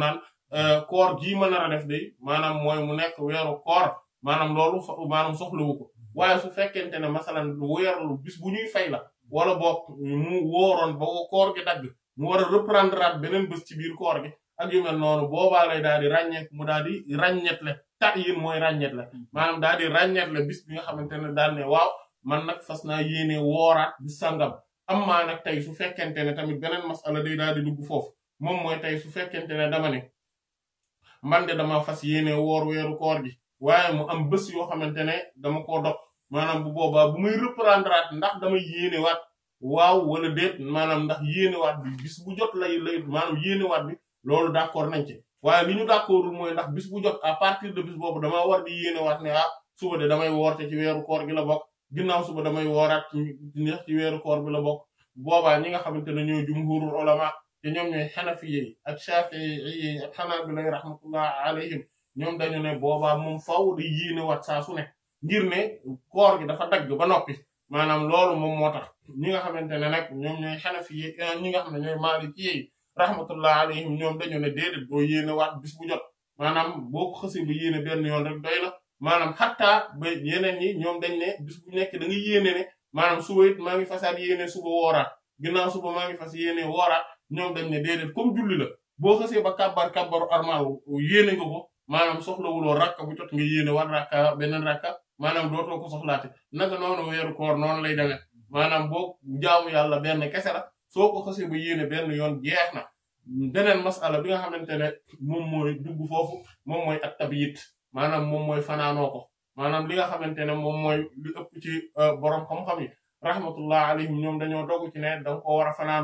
Speaker 2: euh koor gi ma nar def day manam moy mu nek wéru koor maanaam loolu manam soxlawu wuko waye su fekente ne masalan lu bis bu ñuy fay la wala bok mu woron ba koor gi dag mu wara reprendre rat benen bis ci bir koor gi ak yu mel non boba lay daal di mu daal ragnet ràññetle ta yin mooy ràññet la mm-hmm. maanaam daal di ràññet bis bi nga xamante ne daal ne waaw man nag fas naa yéene wooraat bi sàngam am maa nag tey su fekkente ne tamit beneen masala day daal di dugg foofu moom mooy tey su fekkente ne dama ne man de dama fas yéene woor weeru koor gi waaye mu am bés yoo xamante ne dama koo dog maanaam bu boobaa bu muy reprendre at ndax dama yéene waat waaw wala déet maanaam ndax yéene waat bi bis bu jot lay lay maanaam yéene waat bi loolu d'accord nañ ci waaye li ñu d'accordul mooy ndax bis bu jot à partir de bis boobu damaa war di yéenewaat ne ah suba de damay woorte ci weeru koor gi la bokk ginnaaw suba damay wooraat ci weeru koor bi la bokk boobaa ñi nga xamante ne ñooy jumhurul ulama te ñoom ñooy xanafiyey ak shafi'iyey ak xanaabilay rahmatullah alayhim ñoom dañu ne boobaa moom faw da yéene wat saa su ne ne koor gi dafa dagg ba noppi maanaam loolu moom moo tax ñi nga xamante ne nag ñoom ñooy xanafiyey ñi nga xam ne ñooy maalikiyey rahmatullah alayhim ñoom dañu ne déedéet boo yéene waat bis bu jot maanaam boo ko xësee ba yéene benn yoon rek doy na maanaam xattaa ba yeneen ñi ñoom dañ ne bis da nga maanaam suba maa ngi fasaat yéene suba wooraat ginnaaw suba maa ngi fas yéene wooraat ñoom dañ ne déedéet comme julli la boo xësee ba kàbbar kàbbaru armal yéene nga ko maanaam soxlawuloo rakka bu jot nga yéene war rakka beneen rakka maanaam dootoo ko soxlaate naka noonu weeru koor noonu lay demee maanaam boo jaamu yàlla benn kese soko xasse xasee ba yéene benn yoon jeex na masala bi nga xamantene mom moy dugg fofu mom moy at tabiyit manam mom moy fananoko manam li nga xamantene mom moy mooy li ëpp ci borom xam-xam yi rahmatullah alayhim ñom dañoo dogu ci ne danga ko wara a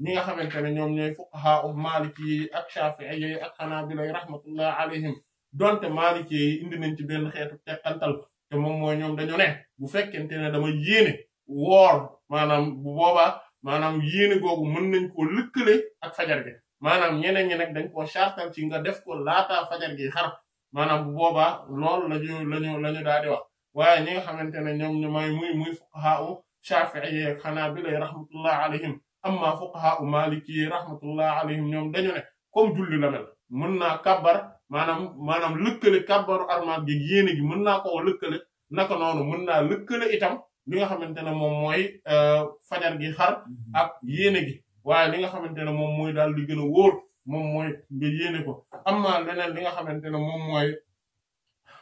Speaker 2: ñi nga xamantene ñom ñoy fuqaha u maliki ak shafi'i ak hanabila rahmatullah alayhim donte maliki indi nañ ci benn xeetu teqantal te mom moy ñom dañu ne bu fekkente ne dama yene wor manam bu boba maanaam yéene googu mën nañ koo lëkkale ak fajar gi maanaam ñeneen ñi nag dañ koo chartal ci nga def ko laataa fajar gi xar maanaam bu boobaa loolu lañu lañu la ñu wax waaye ñi nga xamante ne ñoom ñu may muy muy fuqahaa u xanaa xanaabila rahmatullah alayhim amma fuqahaa u maliki rahmatullah alayhim ñoom dañu ne comme julli la mel mën naa kabbar maanaam maanaam lëkkale kabbaru armaat gi yéene gi mën naa koo lëkkale naka noonu mën naa lëkkale itam li nga xamante ne moom mooy euh, fajar gi xar mhm. ak yéene gi waaye li nga xamante ne moom mooy daal li gën a wóor moom mooy nga yéene ko am na leneen li nga xamante ne moom mooy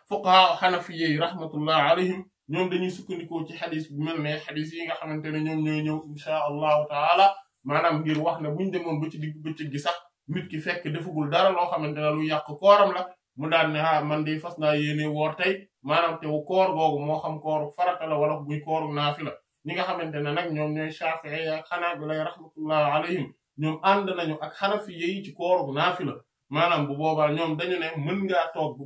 Speaker 2: fuqaha hanafiyyi rahmatullah alayhim ñoom dañuy sukkandikoo ci xadis bu mel ne xadis yi nga xamante ne ñoom ñooy ñëw inchaa allahu taala maanaam ngir wax na buñ demoon ba ci digg bëccëg gi sax nit ki fekk defagul dara loo xamante ne lu yàq kooram la mu daan ne ah man di fas naa yéene woor tey maanaam te koor googu moo xam kooru farata la wala muy kooru naafila ñi nga xamante ne nag ñoom ñooy Shafi'i ak Hanabila rahmatullahi alayhim ñoom ànd nañu ak Hanafi yi ci kooru naafila maanaam bu boobaa ñoom dañu ne mën ngaa toog bu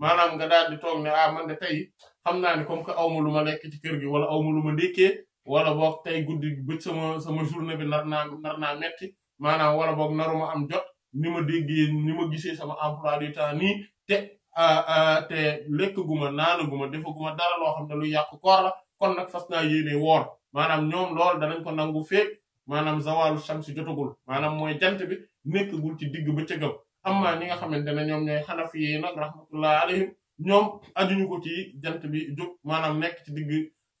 Speaker 2: maanaam nga daal di toog ne ah, tey xam naa ne comme aw ma lu ma lekk ci kër gi wala aw ma lu ma dékkee wala boog tey guddi bëj sama sama journée bi nar naa nar naa metti maanaam wala boog naruma am jot ni ma déggee ni ma gisee sama emploi du temps nii te te lekkaguma naanaguma defaguma dara loo xam ne lu yàq koor la kon nag fas naa yéene woor maanaam ñoom loolu danañ ko nangu feeg maanaam zawalu shamsi jotagul maanaam mooy jant bi nekkagul ci digg ba cëgam amma ñi nga xamante ne ñoom ñooy xanafi yi nag rahmatullah alayhim ko ci jant bi jóg maanaam nekk ci digg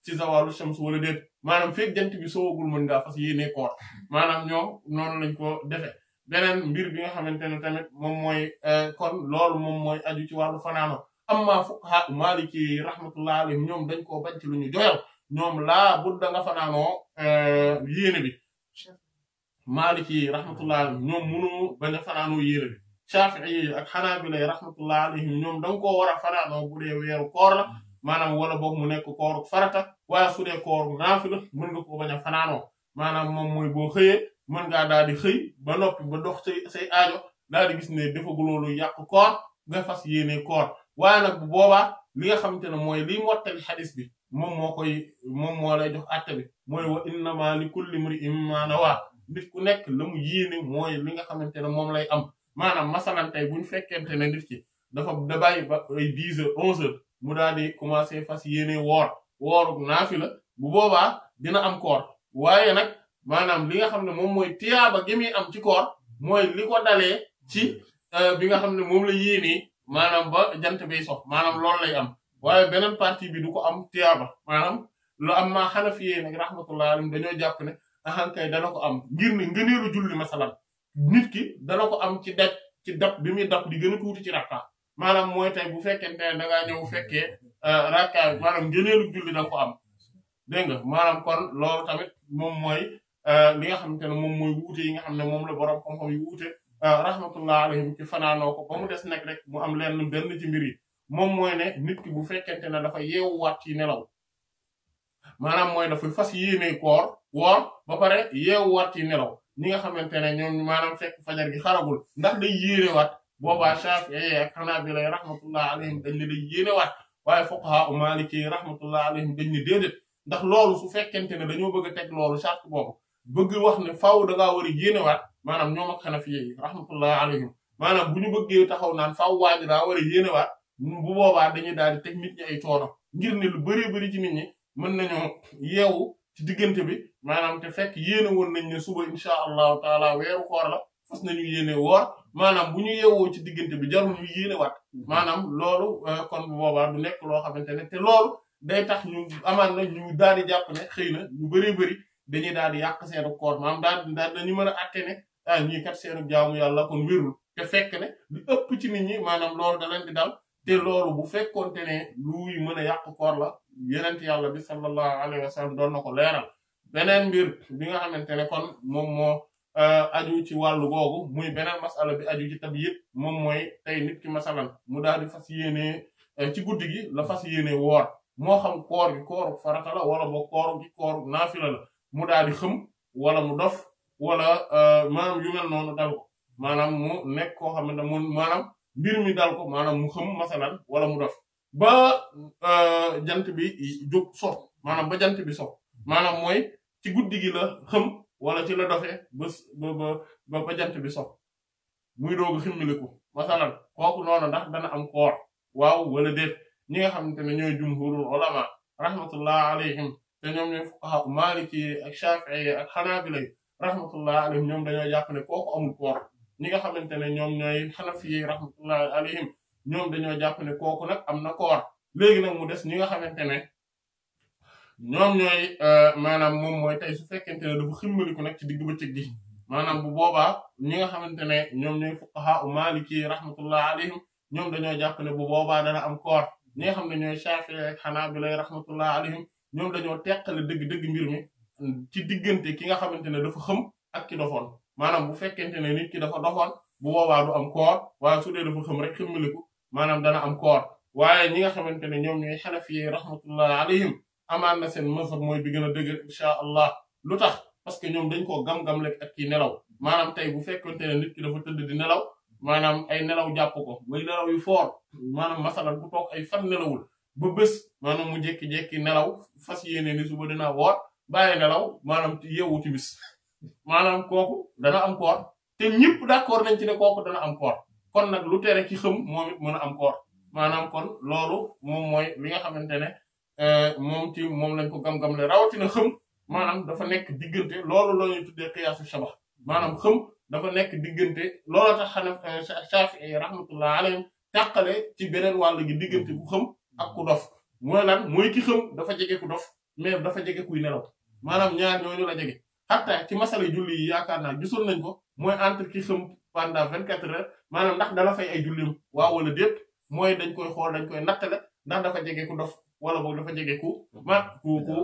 Speaker 2: ci zawalu shams wala déet maanaam feeg jant bi soowagul mën ngaa fas yéene koor maanaam ñoom noonu lañ ko defee beneen mbir bi nga xamante ne tamit moom mooy euh, kon loolu moom mooy aju ci wàllu fanaano amma fuqaha maliki rahmatullah alayhim ñoom dañ koo bañ ci lu ñu doyal ñoom laa budda nga fanaanoo euh, yéene bi maliki rahmatullah alayhim ñoom munu bañ a fanaanoo yéene bi shafi'i yi ak ñoom da koo war a fanaanoo bu dee weeru koor la maanaam wala boog mu nekk kooru farata waaye su dee kooru naafila nga koo bañ a fanaanoo maanaam moom mooy boo xëyee man nga daal di xëy ba noppi ba dox ci say aajo daal di gis ne defaguloo lolu yak koor nga fas yene koor waaye nak bu boba li nga xamantene moy li liy mottali xadis bi mom moo koy moom moo lay dox atta bi moy wa innama li kulli imri'in ma nawaa nit ku nek lamu yene moy li nga xamantene mom lay am manam masalan tay buñu ñu ne nit ci dafa da bay 10h 11h mu daal di commencé fas yene wor wooru naafi la bu boba dina am koor waye nak maanaam li nga xam ne moom mooy tiyaaba gi muy am ci koor mooy li ko dalee ci euh, bi nga xam ne moom la yéenee maanaam ba jant bi sox maanaam loolu lay am waaye beneen partie bi du ko am tiyaaba maanaam lu am maa Hanafi yi nag rahmatullah alayhim dañoo jàpp ne ahankay dana ko am ngir ne ko am ci ci dab bi muy dab di gën a maanaam mooy bu fekkente ne fekkee euh, rakka maanaam ngëneelu nga moom mooy Euh, li nga xamante ne moom mooy wuute yi nga xam ne moom la borom xam-xam euh, fanaanoo ko ba mu des nag rek mu am lenn benn ci mbir yi moom mooy ne nit ki bu fekkente ne dafa yeewuwaat ci nelaw maanaam mooy fas yéene koor woor ba pare yeewuwaat ci nelaw ñi nga xamante ne ñoom maanaam fekk fajar gi xaragul ndax day yéenewaat boobaa Shafi'i ak Hanabila rahmatullah alayhim dañ ne day yéenewaat waaye fuqaha u Maliki rahmatullah ndax loolu su fekkente ne dañoo bëgg a teg loolu charte boobu bëgg wax ne faw da ngaa war a yéenewaat maanaam ñoom ak xanafiye yi rahmatullahi alayhim maanaam bu ñu bëggee taxaw naan faaw waa ji daa war a yéenewaat bu boobaa dañuy daal di teg nit ñi ay coono ngir ne lu bëree bëri ci nit ñi mën nañoo yeewu ci diggante bi maanaam te fekk yéene woon nañ ñu suba incha allahu taala weeru koor la fas nañu yéene woor maanaam bu ñu yeewoo ci diggante bi jarul ñu yéenewaat maanaam loolu euh, kon bu boobaa du nekk loo xamante ne te loolu day tax ñu na ñu daal di jàpp ne xëy dañuy daal di yàq seenu koor maam daal daal dañu mën a atte ne ah ñii kat seenu jaamu yàlla kon wérul te fekk ne lu ëpp ci nit ñi maanaam loolu da leen dal te loolu bu fekkoonte ne luy mën a yàq koor la yenent yàlla bi sallallahu alayhi wa sallam doon na ko leeral beneen mbir bi nga xamante ne kon moom moo eh, aju ci wàllu googu muy beneen masala bi aju ci tab yëpp moom mooy tey nit ki masalan mu daal di fas yéene eh, ci guddi gi la fas yéene woor moo mu daal di wala mu dof wala euh, manam yu mel nonu dal ko mu nek ko xamne ne mu mbir mi dal ko manam mu xam masalan wala mu dof ba euh, jant bi jog so manam ba jant bi so manam moy ci guddigi la xam wala ci la ba ba ba jant bi so muy dogu a ximmiliku masalan kooku nonu ndax dana am koor waw wala daf, ñi nga xamne tane ñoy jumhurul ulama rahmatullah alayhim te ñoom ñooy fuqahaa maaliki ak shaafi'i ak xanaabila rahmatullah alayhim ñoom dañoo jàpp ne kooku amul koor ñi nga xamante ne ñoom ñooy xanafi yi rahmatullah alayhim ñoom dañoo jàpp ne kooku nag am na koor léegi nag mu des ñi nga xamante ne ñoom ñooy maanaam moom mooy tey su fekkente ne dafa ximmaliku nag ci digg bëccëg gi maanaam bu boobaa ñi nga xamante ne ñoom ñooy fuqahaa maaliki rahmatullah alayhim ñoom dañoo jàpp ne bu boobaa dana am koor ñi nga xam ne ñooy shaafi'i ak xanaabila rahmatullah alayhim ñoom dañoo teqale dëgg-dëgg mbir mi ci diggante ki nga xamante ne dafa xëm ak ki dofoon maanaam bu fekkente ne nit ki dafa dofoon bu boobaa du am koor waaye su dee dafa xëm rek xëmmaliku maanaam am koor waaye ñi nga xamante ne ñoom ñooy xanafi yi rahmatullahi alayhim amaan na seen mazhab mooy bi gën a dëgër incha allah lu tax parce que ñoom dañ koo gam-gam lekk ak ki nelaw maanaam tey bu fekkonte ne nit ki dafa tëdd di nelaw maanaam ay nelaw jàpp ko muy nelaw yu foor maanaam masalan bu toog ay fan nelawul ba bés maanaam mu jékki-jékki nelaw fas yéene ni suba dinaa woor bàyyi nelaw maanaam yeewu timis maanaam kooku dana am koor te ñëpp d'accord nañ ci ne kooku dana am koor kon nag lu tere ki xëm moom it mën a am koor maanaam kon loolu moom mooy li nga xamante ne euh, moom ci moom lañ ko gam-gam le rawatina xëm maanaam dafa nekk diggante loolu la ñuy tuddee xiyaasu shabax maanaam xëm dafa nekk diggante loolu tax xanaa euh, Shafi'i rahmatullah alayhi tàqale ci beneen wàll gi diggante ak ku dof mooy lan mooy ki xam dafa jege ku dof mais dafa jege kuy nelaw maanaam ñaar ñooñu la jege hatta ci masala julli yi yaakaar naa gisoon nañ ko mooy entre ki xam pendant vingt quatre heures maanaam ndax dala fay ay jullim waaw wala déet mooy dañ koy xool dañ koy nattale ndax dafa jege ku dof wala boog dafa jege ku ma ku ku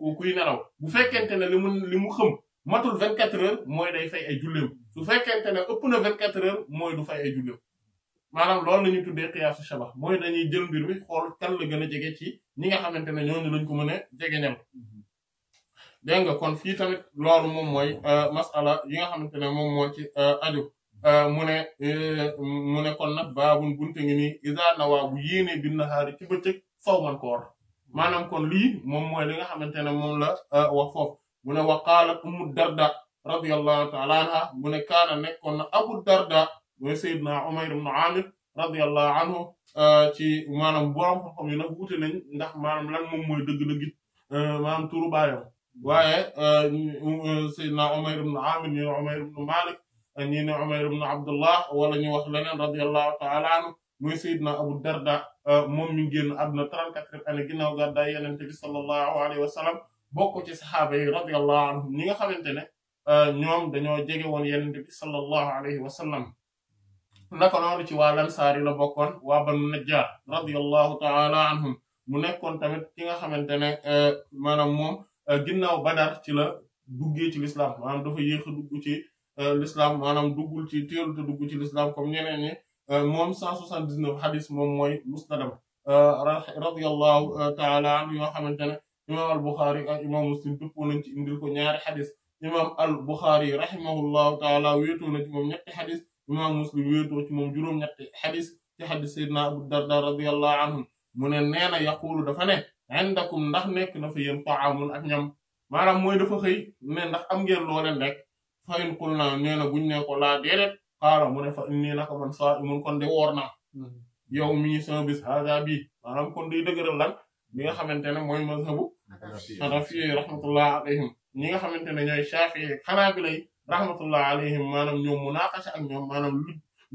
Speaker 2: ku kuy nelaw bu fekkente ne li mu li mu xam matul vingt quatre heures mooy day fay ay jullim su fekkente ne ëpp na vingt quatre heures mooy du fay maanaam loolu la ñuy tuddee xiyaasu shabah mooy dañuy jël mbir xool kan la gën a jege ci ñi nga xamante ne ñooñu lañ ko mën a jege ñam dégg nga kon fii tamit loolu moom mooy euh, masala yi nga xamante ne moom moo ci euh, aju euh, mu ne mu ne kon nag baabun bunte ngi nii izaa nawaa bu yéenee bin nahaari ci bëccëg saw man koor maanaam kon lii moom mooy li nga xamante ne moom la wax foofu mu ne wa qaalat ummu darda radiyallahu ta'ala anha mu kaana nekkoon abu darda mooy Seydina Umayr ibn Amir radiyallahu anhu ci maanaam borom xam-xam yi nag wuute nañ ndax maanaam lan moom mooy dëgg-dëgg maanaam turu baayam waaye Seydina Umayr ibn Amir ñi ne Umayr ibn Malik ñi ne Umayr ibn Abdullah wala ñu wax leneen radiyallahu ta'ala anhu mooy Seydina Abu Darda moom mi ngi génn àdduna 34 année ginnaaw gàddaay Yonent bi sallallahu alayhi wa sallam bokk ci saxaaba yi radiyallahu anhum ñi nga xamante ne ñoom dañoo jege woon Yonent bi sallallahu alayhi wa sallam naka noonu ci waa lansaar yi la bokkoon waa banu najjaar radiyallahu taala anhum mu nekkoon tamit ki nga xamante ne maanaam moom ginnaaw badar ci la duggee ci l'islam maanaam dafa yéex a dugg ci l'islam maanaam duggul ci teelut a dugg ci l'islam comme ñeneen ñi moom 179 hadis moom mooy musnadam radiyallahu taala anhu yoo xamante ne imam al buxaari ak imam muslim dëppoo nañ ci indil ko ñaari hadis imam al buxaari rahimahullahu taala wéetoo na ci moom ñetti hadis imaam muslim wéetoo ci moom juróom-ñetti xadis ci xadis sayyidina abu mu ne nee na yaqulu dafa ne indakum ndax nekk na fa yéen ta'aamun ak ñam maanaam mooy dafa xëy ne ndax am ngeen loo rek fa in qulnaa nee na buñ ne ko laa déedéet qaala mu ne fa inni naka man saa'imun kon de woor naa hmm. yow mii sama bis haadaa bii maanaam kon day dëgëral lan ñi nga xamante ne mooy mazhabu hanafi rahmatullah alayhim ñi nga xamante ne ñooy shaafi'i xanaabila rahmatullah alayhim maanaam ñoom munaaqasha ak ñoom maanaam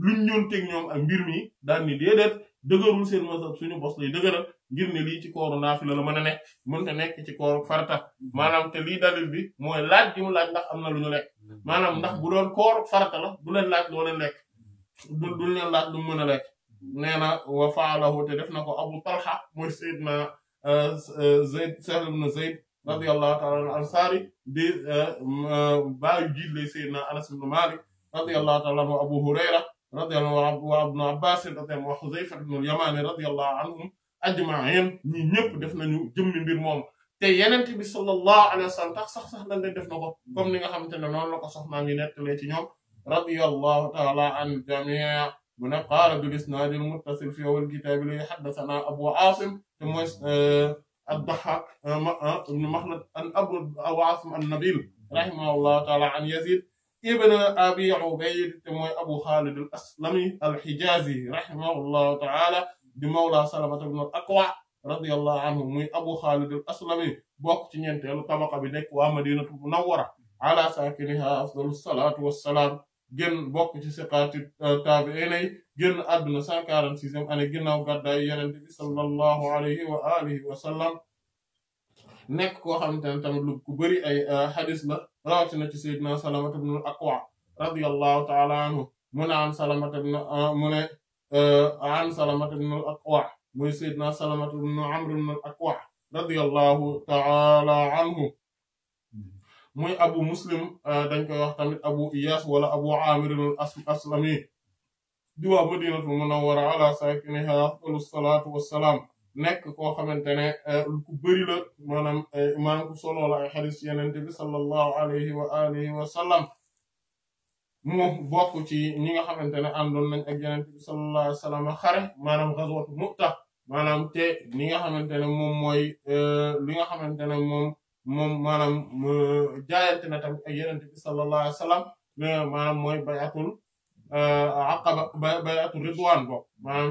Speaker 2: lu luñ teg ñoom ak mbir mi daal ni déedéet dëgërul seen mazhab suñu bos lay dëgëral ngir ne lii ci kooru naafila la mën a nekk mënta nekk ci kooru farata mhm. maanaam te lii dalil bi mooy laaj gi mu laaj ndax am na lu ñu lekk maanaam ndax bu doon kooru farata la du leen laaj loo leen lekk du leen laaj lu mën a lekk nee na wa faalahu te def na ko Abu Talha mooy Seydina euh, Zayd Sahl ibn Zayd رضي الله تعالى عن الأنصاري باي جيل سيدنا أنس بن مالك رضي الله تعالى عنه أبو هريرة رضي الله عنه الله عباس رضي الله عنه حذيفة بن اليمان رضي الله عنهم أجمعين ني نيب دفنا نيو جيم مير موم تي يننتي بي صلى الله عليه وسلم تخ صخ صخ دا ندي دفنا كو كوم نيغا خامتاني نون لاكو سخنا ني نيتلي تي نيوم رضي الله تعالى عن جميع من قال بالاسناد المتصل في اول كتاب اللي حدثنا ابو عاصم تموس أه ad-Dahhaak ibn Makhlad an Abu Awaasim an-Nabil rahimahullahu ta'ala an Yazid ibn Abi Ubayd te mooy Abu Khalid al-Aslami al-Hijazi rahimahullahu ta'ala di mawla Salamata ibn al-Akwa radiyallahu anhu muy Abu Khalid al-Aslami bokk ci ñeenteelu tabaqa bi nekk waa Madinatu Munawwara ala saakiniha afdalu salaatu wassalaam génn bokk ci siqaati euh, taabi'iina yi génn àdduna 146e année ginnaaw gàddaay Yonent bi sallallahu alayhi wa alihi nekk koo xamante ne ku bëri ay euh, hadis la rawatina ci sayyidina Salamata ibn al-Akwa radiyallahu ta'ala anhu mu ne an Salamata ibn euh, mu ne an Salamata ibn al ta'ala anhu muy abu muslim euh, dañ koy wax tamit abu iyas wala abu amir al-aslami di waa madinatul munawwara ala sakiniha afdalu salaatu wassalaam nekk koo xamante ne euh, ku bëri ku solo la ay xadis yenente bi sallallahu alayhi wa alihi wa sallam mu bokk ci ñi nga xamante ne àndoon nañ ak yenente bi sallallahu alayhi wa xare maanaam gazwatu mu'ta maanaam te euh, li nga xamante ne moom mooy li nga xamante ne moom moom maanam jaayante na tamit ak yenente mooy bayatul euh, aqaba bayatul ridwan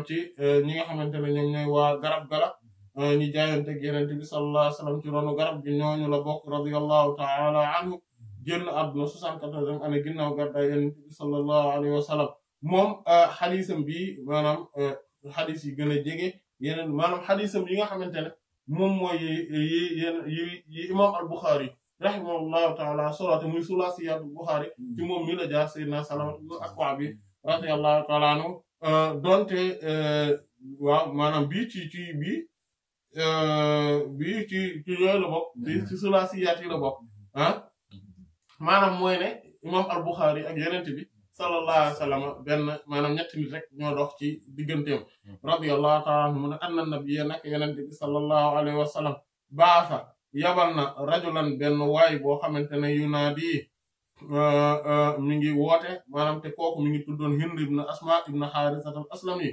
Speaker 2: ci euh, ñi nga xamante ne ñoom ñooy waa garab garab euh, ñi jaayante ak yenente bi sallallahu alayhi wa sallam ci ronu garab gi ñooñu la bokk radiyallahu ta'ala anhu génn àdduna soixante-quatorzième année ginnaaw gàddaay yenente bi sallallahu moom xadisam bi maanaam xadis yi gën a jege yeneen maanaam xadisam yi nga xamante ne moom mooy yi yi yi yi imaam al-Bukhari rahimahullahu ta'ala solaate muy sulaasiyaat al-Bukhari ci moom mi la jaar Seydina a al-Akwabi radiyallahu ta'ala anhu euh, donte euh, waaw maanaam bii ci ci bii euh, bii ci ci yooyu la bokk bi ci sulaasiyaat yi la bokk ah maanaam mooy al-Bukhari ak yenente bi sallallahu alayhi wa sallam benn maanaam ñetti nit rek ñoo dox ci digganteem radiyallahu ta'ala anhu mu ne anna nabiyya nak yonent bi sallallahu alayhi wa sallam baasa yabal na rajulan benn waay boo xamante ne yunaadi euh, euh, mi ngi woote maanaam te kooku mi ngi tuddoon Hind ibn Asma ibn Haarisata al-Aslami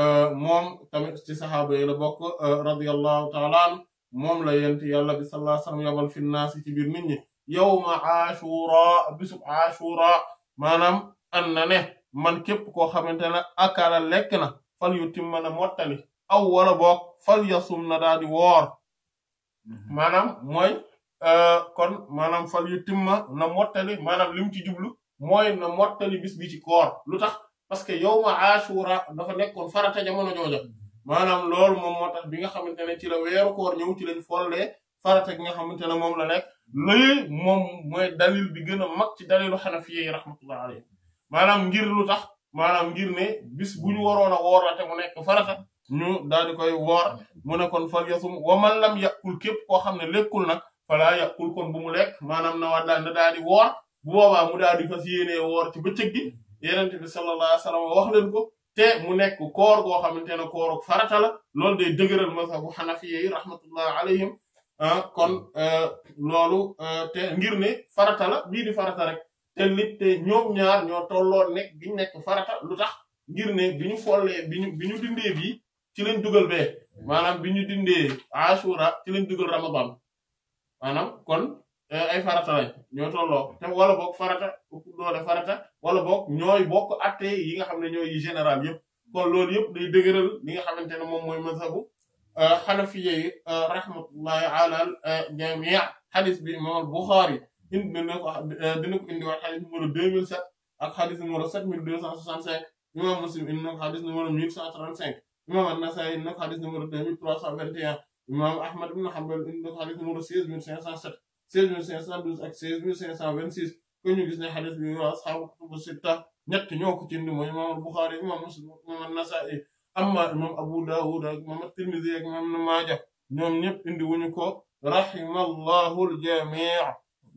Speaker 2: euh, moom tamit ci saxaaba yi la bokk radiyallahu ta'ala moom la yonent yàlla bi sallallahu wa sallam yabal fi naasi ci biir nit ñi yawma ashura bisub ashura maanaam an na ne man képp koo xamante ne akala lekk na fal yu timma na mottali aw wala boog fal yasum na daal woor mhm. maanaam mooy euh, kon maanaam fal yu timma na mottali maanaam li mu ci jublu mooy na mottali bis bi ci koor lu tax parce que yawma ashura dafa nekkoon farata jamono jooja maanaam loolu moom moo tax bi nga xamante ne ci la weeru koor ñëw ci lañ follee farata gi nga xamante ne moom la nekk lii moom mooy dalil bi gën a mag ci dalilu xanafiye yi rahmatullah alayhi maanaam ngir lu tax maanaam ngir ne bis bu ñu waroon a woor la te mu nekk farata ñu daal di koy woor mu ne kon fal yasum waman lam yàqul képp koo xam ne lekkul nag falaa yàqul kon bu mu lekk maanaam na war daal na daal di woor bu boobaa mu daal di fas yéenee woor ci bëccëg gi yenente bi sallallahu alayhi wa wax leen ko te mu nekk koor goo xamante ne kooru farata la loolu day dëgëral masabu xanafiye yi rahmatullah alayhim ah, kon euh, loolu euh, te ngir ne farata la bii di farata rek te nit te eh, ñoom ñaar ñoo tolloo nekk bi ñu nekk farata lu tax ngir ne bi ñu follee bi ñu bi ñu dindee bii ci lañ dugal bee maanaam bi ñu dindee asura ci lañ dugal ramadan maanaam kon eh, ay farata ñoo tolloo te wala boog farata doole farata wala boog ñooy bokk atte yi nga xam ne ñooy général yëpp kon loolu yëpp day dëgëral li nga xamante ne moom mooy mazhabu xanafiye eh, yi rahmatullahi ala al jami' xadis bi imam al Buxaari indi na ko dina ko indiwaat xadis numéro 2007 ak xadis numéro 7265 imam muslim indi na ko xadis numéro 1135 imam an-Nasaa'i indi na ko xadis numéro 2321 imam ahmad ibn Hanbal indi na ko xadis numéro 16507 16512 ak 16526 ko ñu gis ne xadis bi waa ashaabu kutubu sitta ñett ñoo ko ci indi mooy imam al-Bukhari imam muslim imam an-Nasaa'i amma imam abu dawud ak imam at-Tirmidhi ak imam Maaja ñoom ñëpp indi wuñu ko rahimallahu al-jamii'